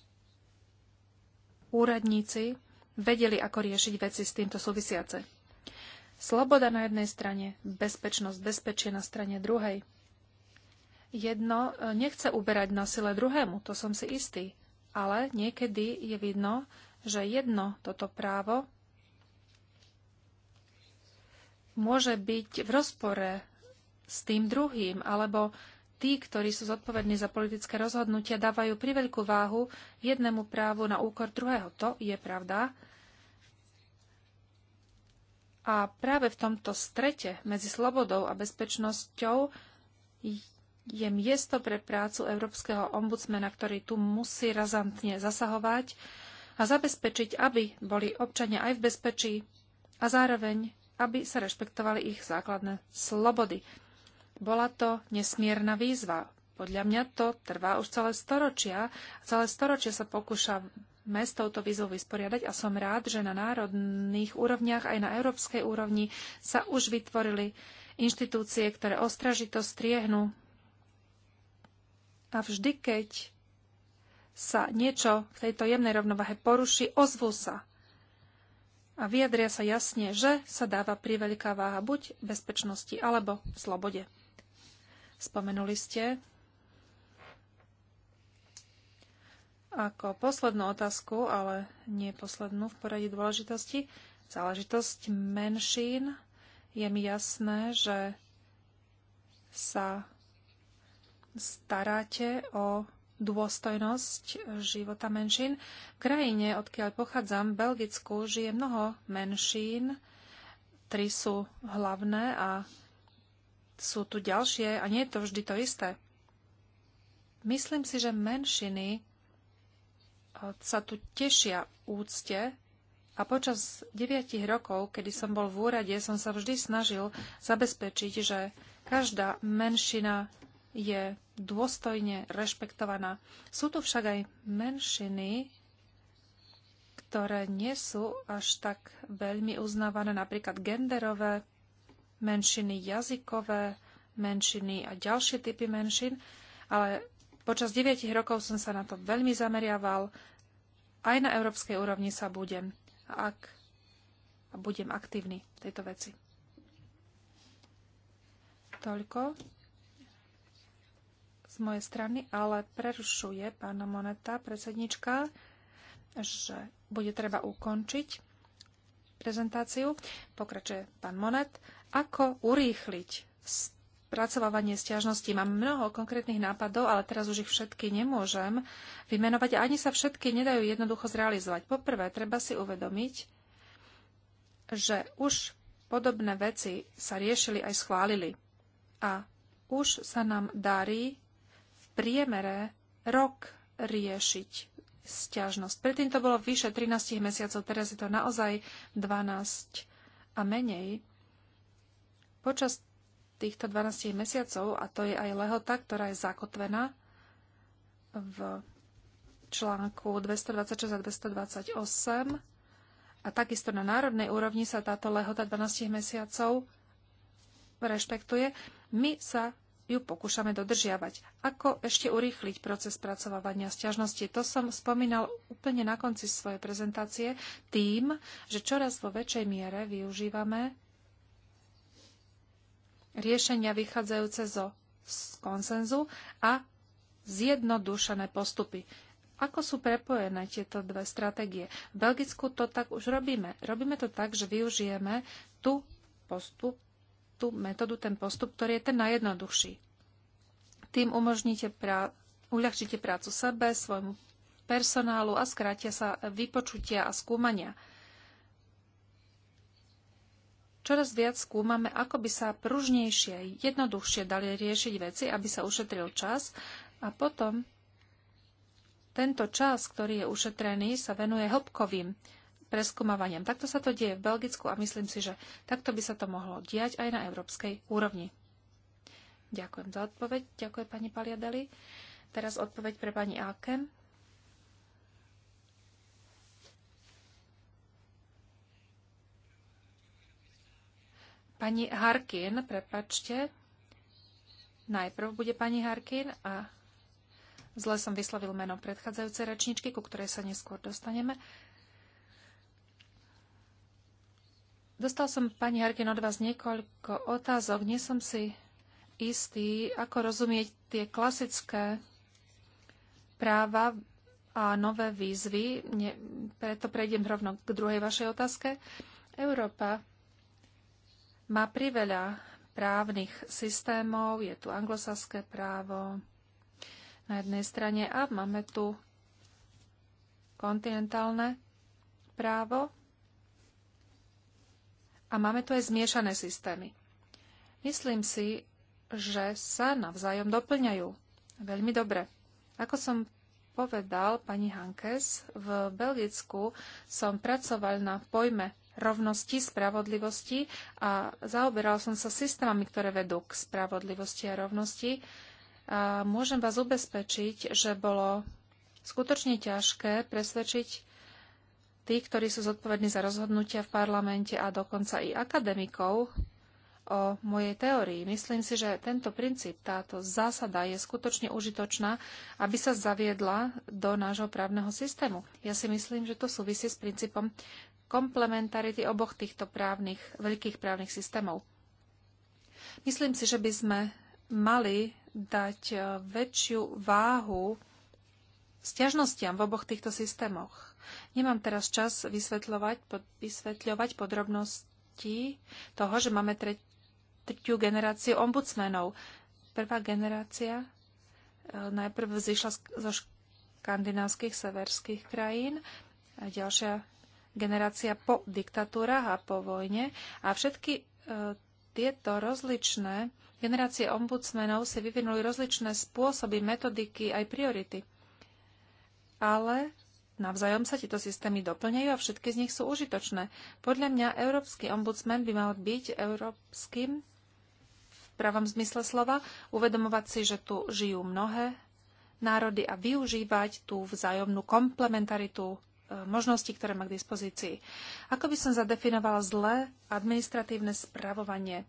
úradníci vedeli, ako riešiť veci s týmto súvisiace. Sloboda na jednej strane, bezpečnosť, bezpečie na strane druhej. Jedno e, nechce uberať na sile druhému, to som si istý, ale niekedy je vidno, že jedno toto právo môže byť v rozpore s tým druhým, alebo tí, ktorí sú zodpovední za politické rozhodnutia, dávajú priveľkú váhu jednému právu na úkor druhého. To je pravda. A práve v tomto strete medzi slobodou a bezpečnosťou je miesto pre prácu európskeho ombudsmena, ktorý tu musí razantne zasahovať a zabezpečiť, aby boli občania aj v bezpečí a zároveň, aby sa rešpektovali ich základné slobody. Bola to nesmierna výzva. Podľa mňa to trvá už celé storočia. Celé storočia sa pokúšame s touto výzvou vysporiadať a som rád, že na národných úrovniach aj na európskej úrovni sa už vytvorili inštitúcie, ktoré ostražito striehnú. A vždy, keď sa niečo v tejto jemnej rovnovahe poruší, ozvú sa a vyjadria sa jasne, že sa dáva priveľká váha buď bezpečnosti alebo slobode spomenuli ste. Ako poslednú otázku, ale nie poslednú v poradí dôležitosti, záležitosť menšín. Je mi jasné, že sa staráte o dôstojnosť života menšín. V krajine, odkiaľ pochádzam, Belgicku, žije mnoho menšín. Tri sú hlavné a sú tu ďalšie a nie je to vždy to isté. Myslím si, že menšiny e, sa tu tešia úcte a počas 9 rokov, kedy som bol v úrade, som sa vždy snažil zabezpečiť, že každá menšina je dôstojne rešpektovaná. Sú tu však aj menšiny, ktoré nie sú až tak veľmi uznávané, napríklad genderové menšiny jazykové, menšiny a ďalšie typy menšín, ale počas 9 rokov som sa na to veľmi zameriaval. Aj na európskej úrovni sa budem, ak a budem aktívny v tejto veci. Toľko z mojej strany, ale prerušuje pána Moneta, predsednička, že bude treba ukončiť prezentáciu. Pokračuje pán Monet. Ako urýchliť spracovávanie stiažností? Mám mnoho konkrétnych nápadov, ale teraz už ich všetky nemôžem vymenovať a ani sa všetky nedajú jednoducho zrealizovať. Poprvé, treba si uvedomiť, že už podobné veci sa riešili aj schválili. A už sa nám darí v priemere rok riešiť sťažnosť. Predtým to bolo vyše 13 mesiacov, teraz je to naozaj 12 a menej. Počas týchto 12 mesiacov, a to je aj lehota, ktorá je zakotvená v článku 226 a 228, a takisto na národnej úrovni sa táto lehota 12 mesiacov rešpektuje, my sa ju pokúšame dodržiavať. Ako ešte urýchliť proces pracovávania sťažnosti? To som spomínal úplne na konci svojej prezentácie tým, že čoraz vo väčšej miere využívame riešenia vychádzajúce zo z konsenzu a zjednodušené postupy. Ako sú prepojené tieto dve stratégie? V Belgicku to tak už robíme. Robíme to tak, že využijeme tú postup, tú metódu, ten postup, ktorý je ten najjednoduchší. Tým umožníte prá- uľahčíte prácu sebe, svojmu personálu a skrátia sa vypočutia a skúmania. Čoraz viac skúmame, ako by sa pružnejšie, jednoduchšie dali riešiť veci, aby sa ušetril čas a potom tento čas, ktorý je ušetrený, sa venuje hĺbkovým preskúmavaniam. Takto sa to deje v Belgicku a myslím si, že takto by sa to mohlo diať aj na európskej úrovni. Ďakujem za odpoveď. Ďakujem pani Paliadeli. Teraz odpoveď pre pani Aken. Pani Harkin, prepačte. Najprv bude pani Harkin a zle som vyslovil meno predchádzajúcej rečničky, ku ktorej sa neskôr dostaneme. Dostal som, pani Harkin, od vás niekoľko otázok. Nie som si istý, ako rozumieť tie klasické práva a nové výzvy. Ne, preto prejdem rovno k druhej vašej otázke. Európa má priveľa právnych systémov, je tu anglosaské právo na jednej strane a máme tu kontinentálne právo a máme tu aj zmiešané systémy. Myslím si, že sa navzájom doplňajú. Veľmi dobre. Ako som povedal pani Hankes, v Belgicku som pracoval na pojme rovnosti, spravodlivosti a zaoberal som sa systémami, ktoré vedú k spravodlivosti a rovnosti. A môžem vás ubezpečiť, že bolo skutočne ťažké presvedčiť tých, ktorí sú zodpovední za rozhodnutia v parlamente a dokonca i akademikov, o mojej teórii. Myslím si, že tento princíp, táto zásada je skutočne užitočná, aby sa zaviedla do nášho právneho systému. Ja si myslím, že to súvisí s princípom komplementarity oboch týchto právnych, veľkých právnych systémov. Myslím si, že by sme mali dať e, väčšiu váhu stiažnostiam v oboch týchto systémoch. Nemám teraz čas vysvetľovať, pod, vysvetľovať podrobnosti toho, že máme treť tretiu generáciu ombudsmenov. Prvá generácia e, najprv zišla zo škandinávskych severských krajín a ďalšia generácia po diktatúrach a po vojne. A všetky e, tieto rozličné generácie ombudsmenov si vyvinuli rozličné spôsoby, metodiky aj priority. Ale navzájom sa tieto systémy doplňajú a všetky z nich sú užitočné. Podľa mňa Európsky ombudsman by mal byť európskym pravom zmysle slova, uvedomovať si, že tu žijú mnohé národy a využívať tú vzájomnú komplementaritu e, možností, ktoré má k dispozícii. Ako by som zadefinovala zlé administratívne spravovanie?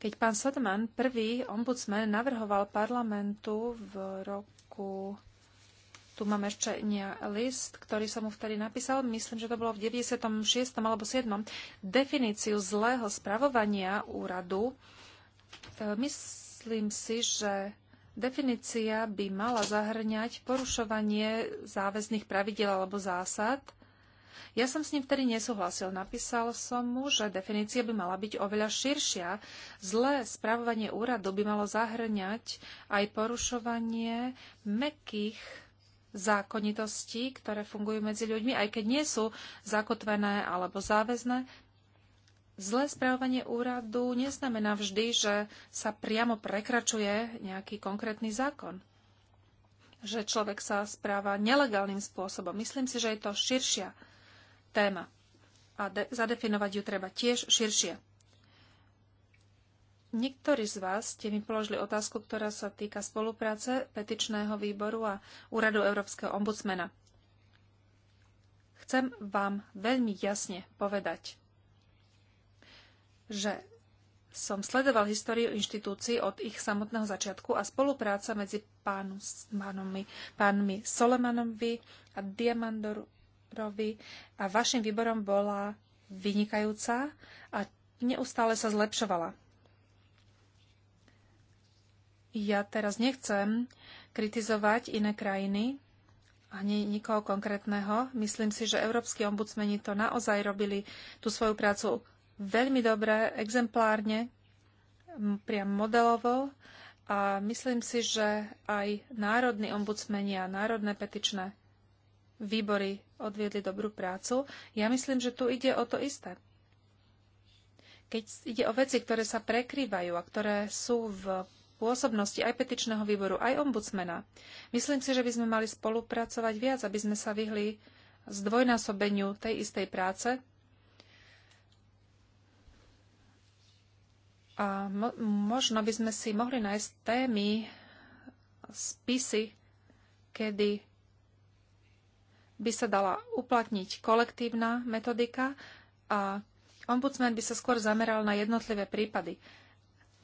Keď pán Sodman, prvý ombudsman, navrhoval parlamentu v roku... Tu mám ešte list, ktorý som mu vtedy napísal. Myslím, že to bolo v 96. alebo 7. Definíciu zlého spravovania úradu Myslím si, že definícia by mala zahrňať porušovanie záväzných pravidel alebo zásad. Ja som s ním vtedy nesúhlasil. Napísal som mu, že definícia by mala byť oveľa širšia. Zlé správovanie úradu by malo zahrňať aj porušovanie mekých zákonitostí, ktoré fungujú medzi ľuďmi, aj keď nie sú zakotvené alebo záväzné, Zlé správanie úradu neznamená vždy, že sa priamo prekračuje nejaký konkrétny zákon. Že človek sa správa nelegálnym spôsobom. Myslím si, že je to širšia téma. A zadefinovať ju treba tiež širšie. Niektorí z vás ste mi položili otázku, ktorá sa týka spolupráce petičného výboru a úradu Európskeho ombudsmena. Chcem vám veľmi jasne povedať, že som sledoval históriu inštitúcií od ich samotného začiatku a spolupráca medzi pánu, pánmi, pánmi Solemanovi a Diamandorovi a vašim výborom bola vynikajúca a neustále sa zlepšovala. Ja teraz nechcem kritizovať iné krajiny, ani nikoho konkrétneho. Myslím si, že európsky ombudsmeni to naozaj robili tú svoju prácu veľmi dobre, exemplárne, priam modelovo a myslím si, že aj národní ombudsmeni a národné petičné výbory odviedli dobrú prácu. Ja myslím, že tu ide o to isté. Keď ide o veci, ktoré sa prekrývajú a ktoré sú v pôsobnosti aj petičného výboru, aj ombudsmena, myslím si, že by sme mali spolupracovať viac, aby sme sa vyhli zdvojnásobeniu tej istej práce, A mo- možno by sme si mohli nájsť témy, spisy, kedy by sa dala uplatniť kolektívna metodika a ombudsman by sa skôr zameral na jednotlivé prípady.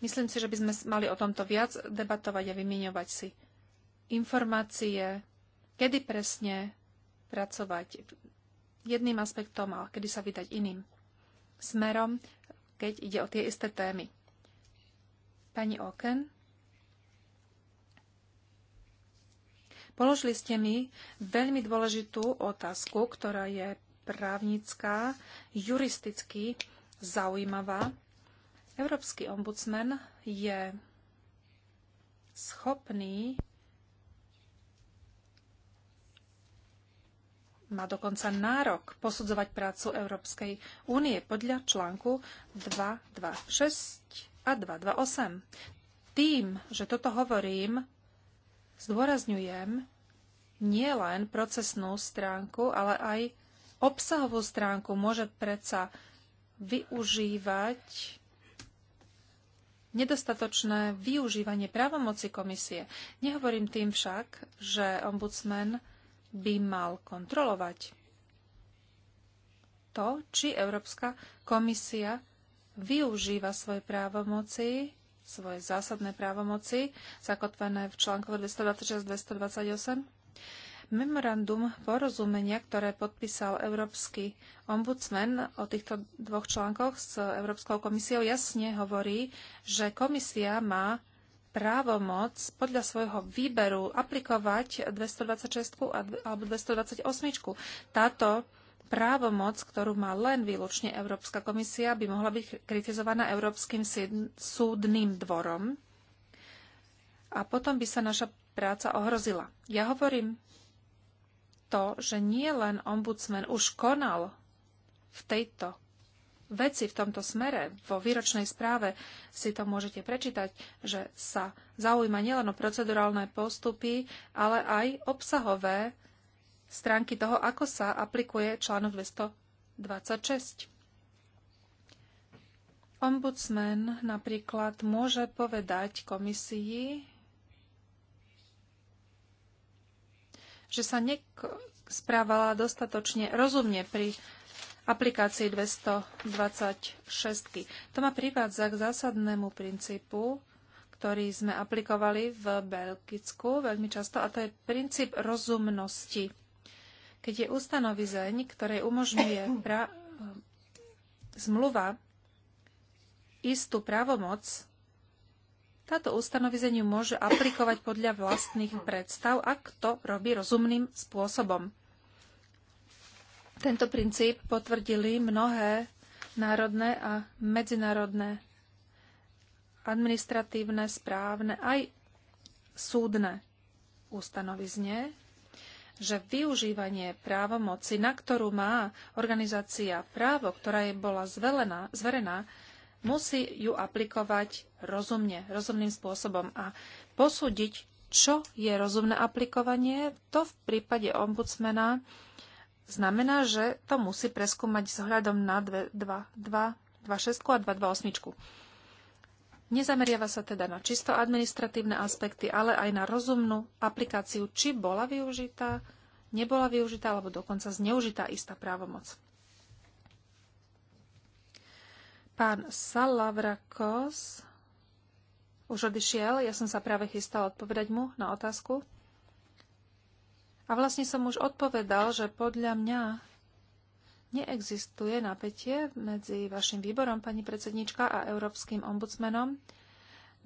Myslím si, že by sme mali o tomto viac debatovať a vymieňovať si informácie, kedy presne pracovať jedným aspektom a kedy sa vydať iným smerom, keď ide o tie isté témy. Pani Oken, položili ste mi veľmi dôležitú otázku, ktorá je právnická, juristicky zaujímavá. Európsky ombudsman je schopný má dokonca nárok posudzovať prácu Európskej únie podľa článku 226 a 228. Tým, že toto hovorím, zdôrazňujem nie len procesnú stránku, ale aj obsahovú stránku môže predsa využívať nedostatočné využívanie právomoci komisie. Nehovorím tým však, že ombudsman by mal kontrolovať to, či Európska komisia využíva svoje právomoci, svoje zásadné právomoci, zakotvené v článkoch 226-228. Memorandum porozumenia, ktoré podpísal Európsky ombudsman o týchto dvoch článkoch s Európskou komisiou, jasne hovorí, že komisia má právomoc podľa svojho výberu aplikovať 226 alebo 228. Táto právomoc, ktorú má len výlučne Európska komisia, by mohla byť kritizovaná Európskym súdnym dvorom a potom by sa naša práca ohrozila. Ja hovorím to, že nie len ombudsman už konal v tejto veci v tomto smere, vo výročnej správe si to môžete prečítať, že sa zaujíma nielen o procedurálne postupy, ale aj obsahové stránky toho, ako sa aplikuje článok 226. Ombudsman napríklad môže povedať komisii, že sa nesprávala dostatočne rozumne pri aplikácii 226. To ma privádza k zásadnému princípu, ktorý sme aplikovali v Belgicku veľmi často, a to je princíp rozumnosti. Keď je ustanovizeň, ktorej umožňuje pra- zmluva istú právomoc, táto ustanovizeň môže aplikovať podľa vlastných predstav, ak to robí rozumným spôsobom. Tento princíp potvrdili mnohé národné a medzinárodné administratívne, správne aj súdne ustanovizne že využívanie právomoci, na ktorú má organizácia právo, ktorá jej bola zvelená, zverená, musí ju aplikovať rozumne, rozumným spôsobom a posúdiť, čo je rozumné aplikovanie, to v prípade ombudsmena znamená, že to musí preskúmať s hľadom na 2.6 a 2.2.8. Nezameriava sa teda na čisto administratívne aspekty, ale aj na rozumnú aplikáciu, či bola využitá, nebola využitá alebo dokonca zneužitá istá právomoc. Pán Salavrakos už odišiel, ja som sa práve chystala odpovedať mu na otázku. A vlastne som už odpovedal, že podľa mňa neexistuje napätie medzi vašim výborom, pani predsednička, a európskym ombudsmenom.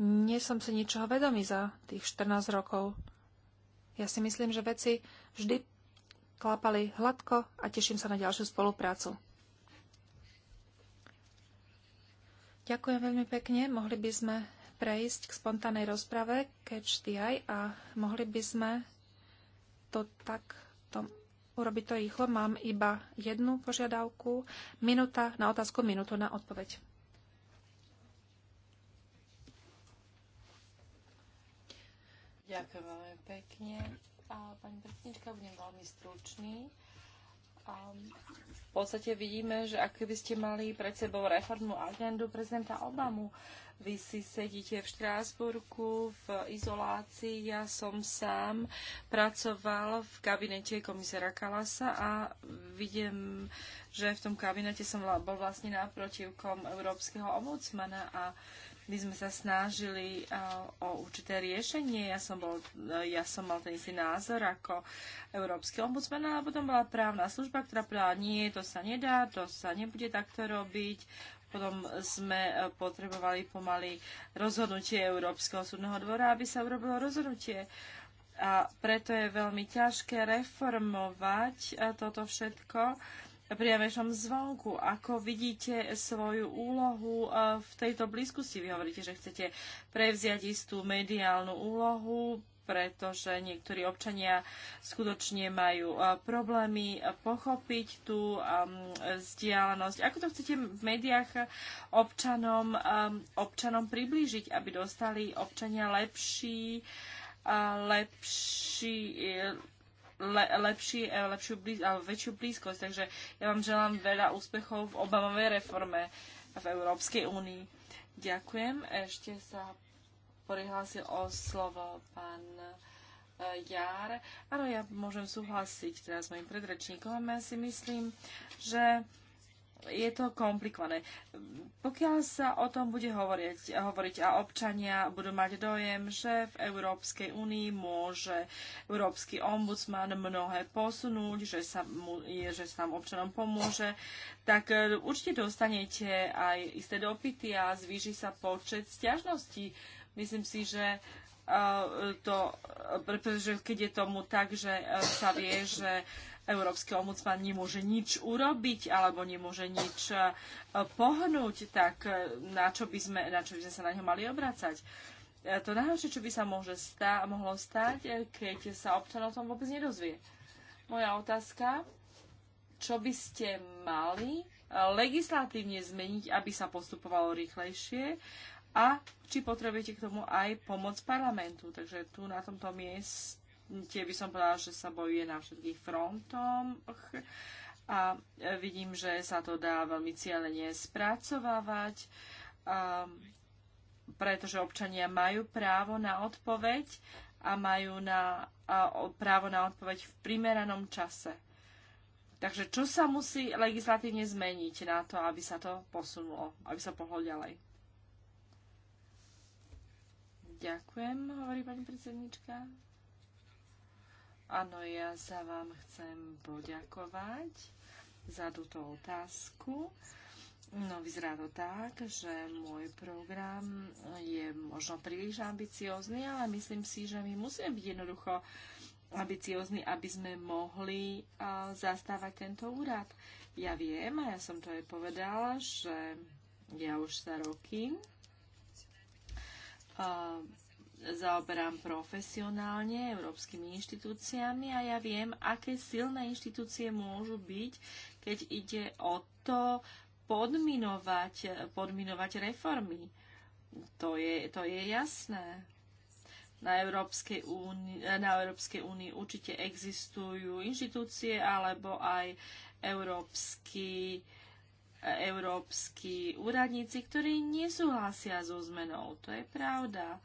Nie som si ničoho vedomý za tých 14 rokov. Ja si myslím, že veci vždy klapali hladko a teším sa na ďalšiu spoluprácu. Ďakujem veľmi pekne. Mohli by sme prejsť k spontánej rozprave Catch the Eye a mohli by sme to tak tom urobiť to rýchlo. Mám iba jednu požiadavku. Minúta na otázku, minútu na odpoveď. Ďakujem veľmi pekne. pani predsednička, budem veľmi stručný v podstate vidíme, že ak by ste mali pred sebou reformnú agendu prezidenta Obamu, vy si sedíte v Štrásburku v izolácii. Ja som sám pracoval v kabinete komisera Kalasa a vidím, že v tom kabinete som bol vlastne náprotivkom európskeho ombudsmana a uh, my sme sa snažili o určité riešenie. Ja som, bol, ja som mal ten istý názor ako Európsky ombudsman a potom bola právna služba, ktorá povedala, nie, to sa nedá, to sa nebude takto robiť. Potom sme e, potrebovali pomaly rozhodnutie Európskeho súdneho dvora, aby sa urobilo rozhodnutie. A preto je veľmi ťažké reformovať e, toto všetko priamešom zvonku. Ako vidíte svoju úlohu eh, v tejto blízkosti? Vy hovoríte, že chcete prevziať istú mediálnu úlohu, pretože niektorí občania skutočne majú eh, problémy eh, pochopiť tú ehm, vzdialenosť. Ako to chcete v médiách občanom, ehm, občanom priblížiť, aby dostali občania lepší, lepší le, lepší, e, lepšiu blíz, ale väčšiu blízkosť. Takže ja vám želám veľa úspechov v Obamovej reforme v Európskej únii. Ďakujem. Ešte sa prihlásil o slovo pán e, Jar. Áno, ja môžem súhlasiť teraz s mojim predrečníkom. Ja si myslím, že je to komplikované. Pokiaľ sa o tom bude hovoriť, hovoriť a občania budú mať dojem, že v Európskej únii môže Európsky ombudsman mnohé posunúť, že sa, mu, je, že sa tam občanom pomôže, tak e, určite dostanete aj isté dopity a zvýši sa počet stiažností. Myslím si, že e, to, e, pretože keď je tomu tak, že sa vie, že Európsky ombudsman nemôže nič urobiť alebo nemôže nič e, pohnúť, tak e, na čo by sme, na čo by sme sa na ňo mali obrácať? E, to najhoršie, čo by sa môže stá, mohlo stať, keď sa občan o tom vôbec nedozvie. Moja otázka, čo by ste mali legislatívne zmeniť, aby sa postupovalo rýchlejšie a či potrebujete k tomu aj pomoc parlamentu. Takže tu na tomto mieste tie by som povedala, že sa bojuje na všetkých frontoch a vidím, že sa to dá veľmi cieľene spracovávať, pretože občania majú právo na odpoveď a majú na, a právo na odpoveď v primeranom čase. Takže čo sa musí legislatívne zmeniť na to, aby sa to posunulo, aby sa pohol ďalej? Ďakujem, hovorí pani predsednička. Áno, ja sa vám chcem poďakovať za túto otázku. No, vyzerá to tak, že môj program je možno príliš ambiciózny, ale myslím si, že my musíme byť jednoducho ambiciózni, aby sme mohli uh, zastávať tento úrad. Ja viem, a ja som to aj povedala, že ja už sa roky uh, zaoberám profesionálne európskymi inštitúciami a ja viem, aké silné inštitúcie môžu byť, keď ide o to podminovať, podminovať reformy. To je, to je jasné. Na Európskej, úni, na Európskej únii určite existujú inštitúcie alebo aj európsky európsky úradníci, ktorí nesúhlasia so zmenou. To je pravda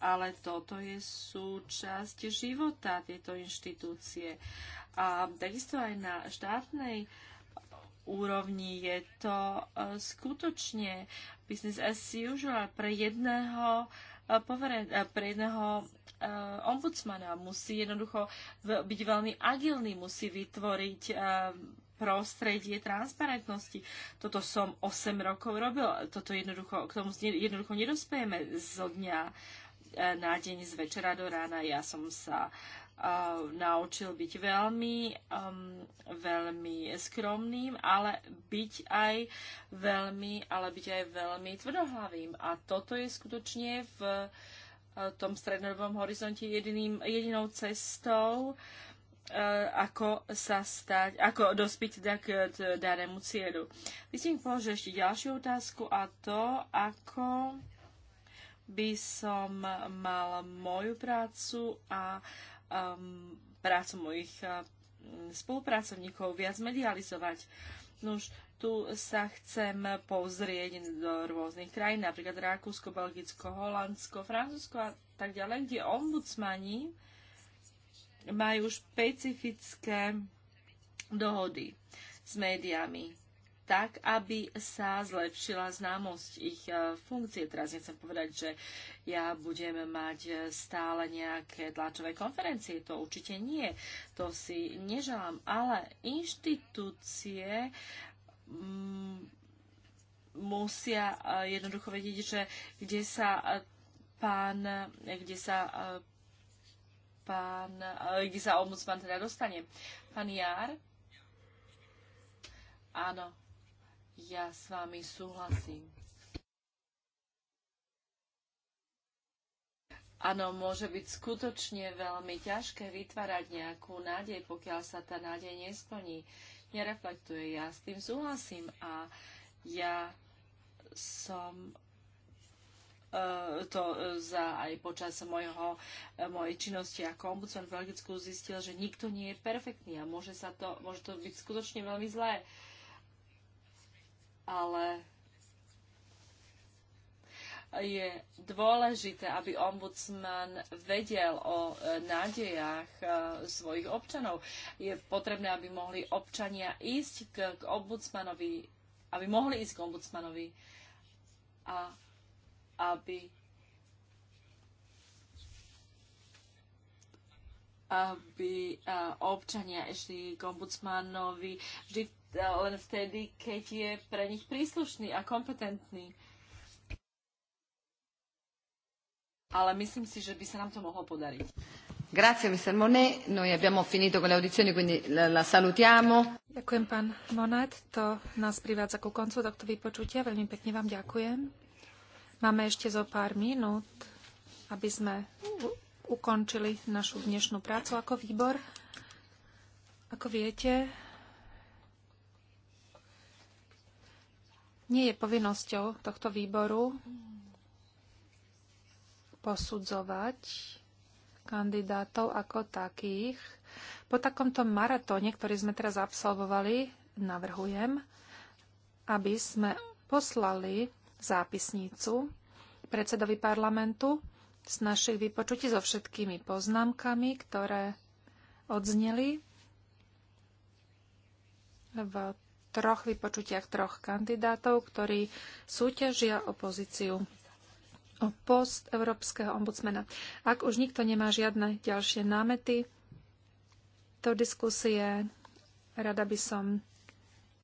ale toto je súčasť života tieto inštitúcie. A takisto aj na štátnej úrovni je to e, skutočne business as usual pre jedného e, e, pre jedného ombudsmana. Musí jednoducho byť veľmi agilný, musí vytvoriť prostredie transparentnosti. Toto som 8 rokov robil. Toto jednoducho, k tomu jednoducho nedospejeme zo dňa Eh, na deň z večera do rána. Ja som sa uh, naučil byť veľmi, um, veľmi skromným, ale byť aj veľmi, ale byť aj veľmi tvrdohlavým. A toto je skutočne v uh, tom strednodobom horizonte jediným, jedinou cestou, uh, ako sa stať, ako dospiť teda k danému cieľu. Myslím, že ešte ďalšiu otázku a to, ako by som mal moju prácu a um, prácu mojich uh, spolupracovníkov viac medializovať. Už tu sa chcem pozrieť do rôznych krajín, napríklad Rakúsko, Belgicko, Holandsko, Francúzsko a tak ďalej, kde ombudsmani majú špecifické dohody s médiami tak, aby sa zlepšila známosť ich eh, funkcie. Teraz nechcem povedať, že ja budem mať eh, stále nejaké tlačové konferencie. To určite nie. To si neželám. Ale inštitúcie mm, musia eh, jednoducho vedieť, že kde sa pán, kde sa pán, kde sa ombudsman teda dostane. Pán Jár? Áno, ja s vami súhlasím. Áno, môže byť skutočne veľmi ťažké vytvárať nejakú nádej, pokiaľ sa tá nádej nesplní, nereflektuje. Ja s tým súhlasím a ja som e, to za aj počas mojho, e, mojej činnosti ako ombudsman v Belgicku zistil, že nikto nie je perfektný a môže, sa to, môže to byť skutočne veľmi zlé. Uh, ale je dôležité, aby ombudsman vedel o e, nádejach e, svojich občanov. Je potrebné, aby mohli občania ísť k, k ombudsmanovi, aby mohli ísť k ombudsmanovi a aby aby e, občania ešli k ombudsmanovi vždy len vtedy, keď je pre nich príslušný a kompetentný. Ale myslím si, že by sa nám to mohlo podariť. Grazie, Mr. Monet. Noi abbiamo finito con le audizioni, quindi la, la salutiamo. Ďakujem, pán Monet. To nás privádza ku koncu tohto vypočutia. Veľmi pekne vám ďakujem. Máme ešte zo pár minút, aby sme ukončili našu dnešnú prácu ako výbor. Ako viete, Nie je povinnosťou tohto výboru posudzovať kandidátov ako takých. Po takomto maratóne, ktorý sme teraz absolvovali, navrhujem, aby sme poslali zápisnicu predsedovi parlamentu z našich vypočutí so všetkými poznámkami, ktoré odzneli v troch vypočutiach troch kandidátov, ktorí súťažia o pozíciu o post Európskeho ombudsmena. Ak už nikto nemá žiadne ďalšie námety do diskusie, rada by som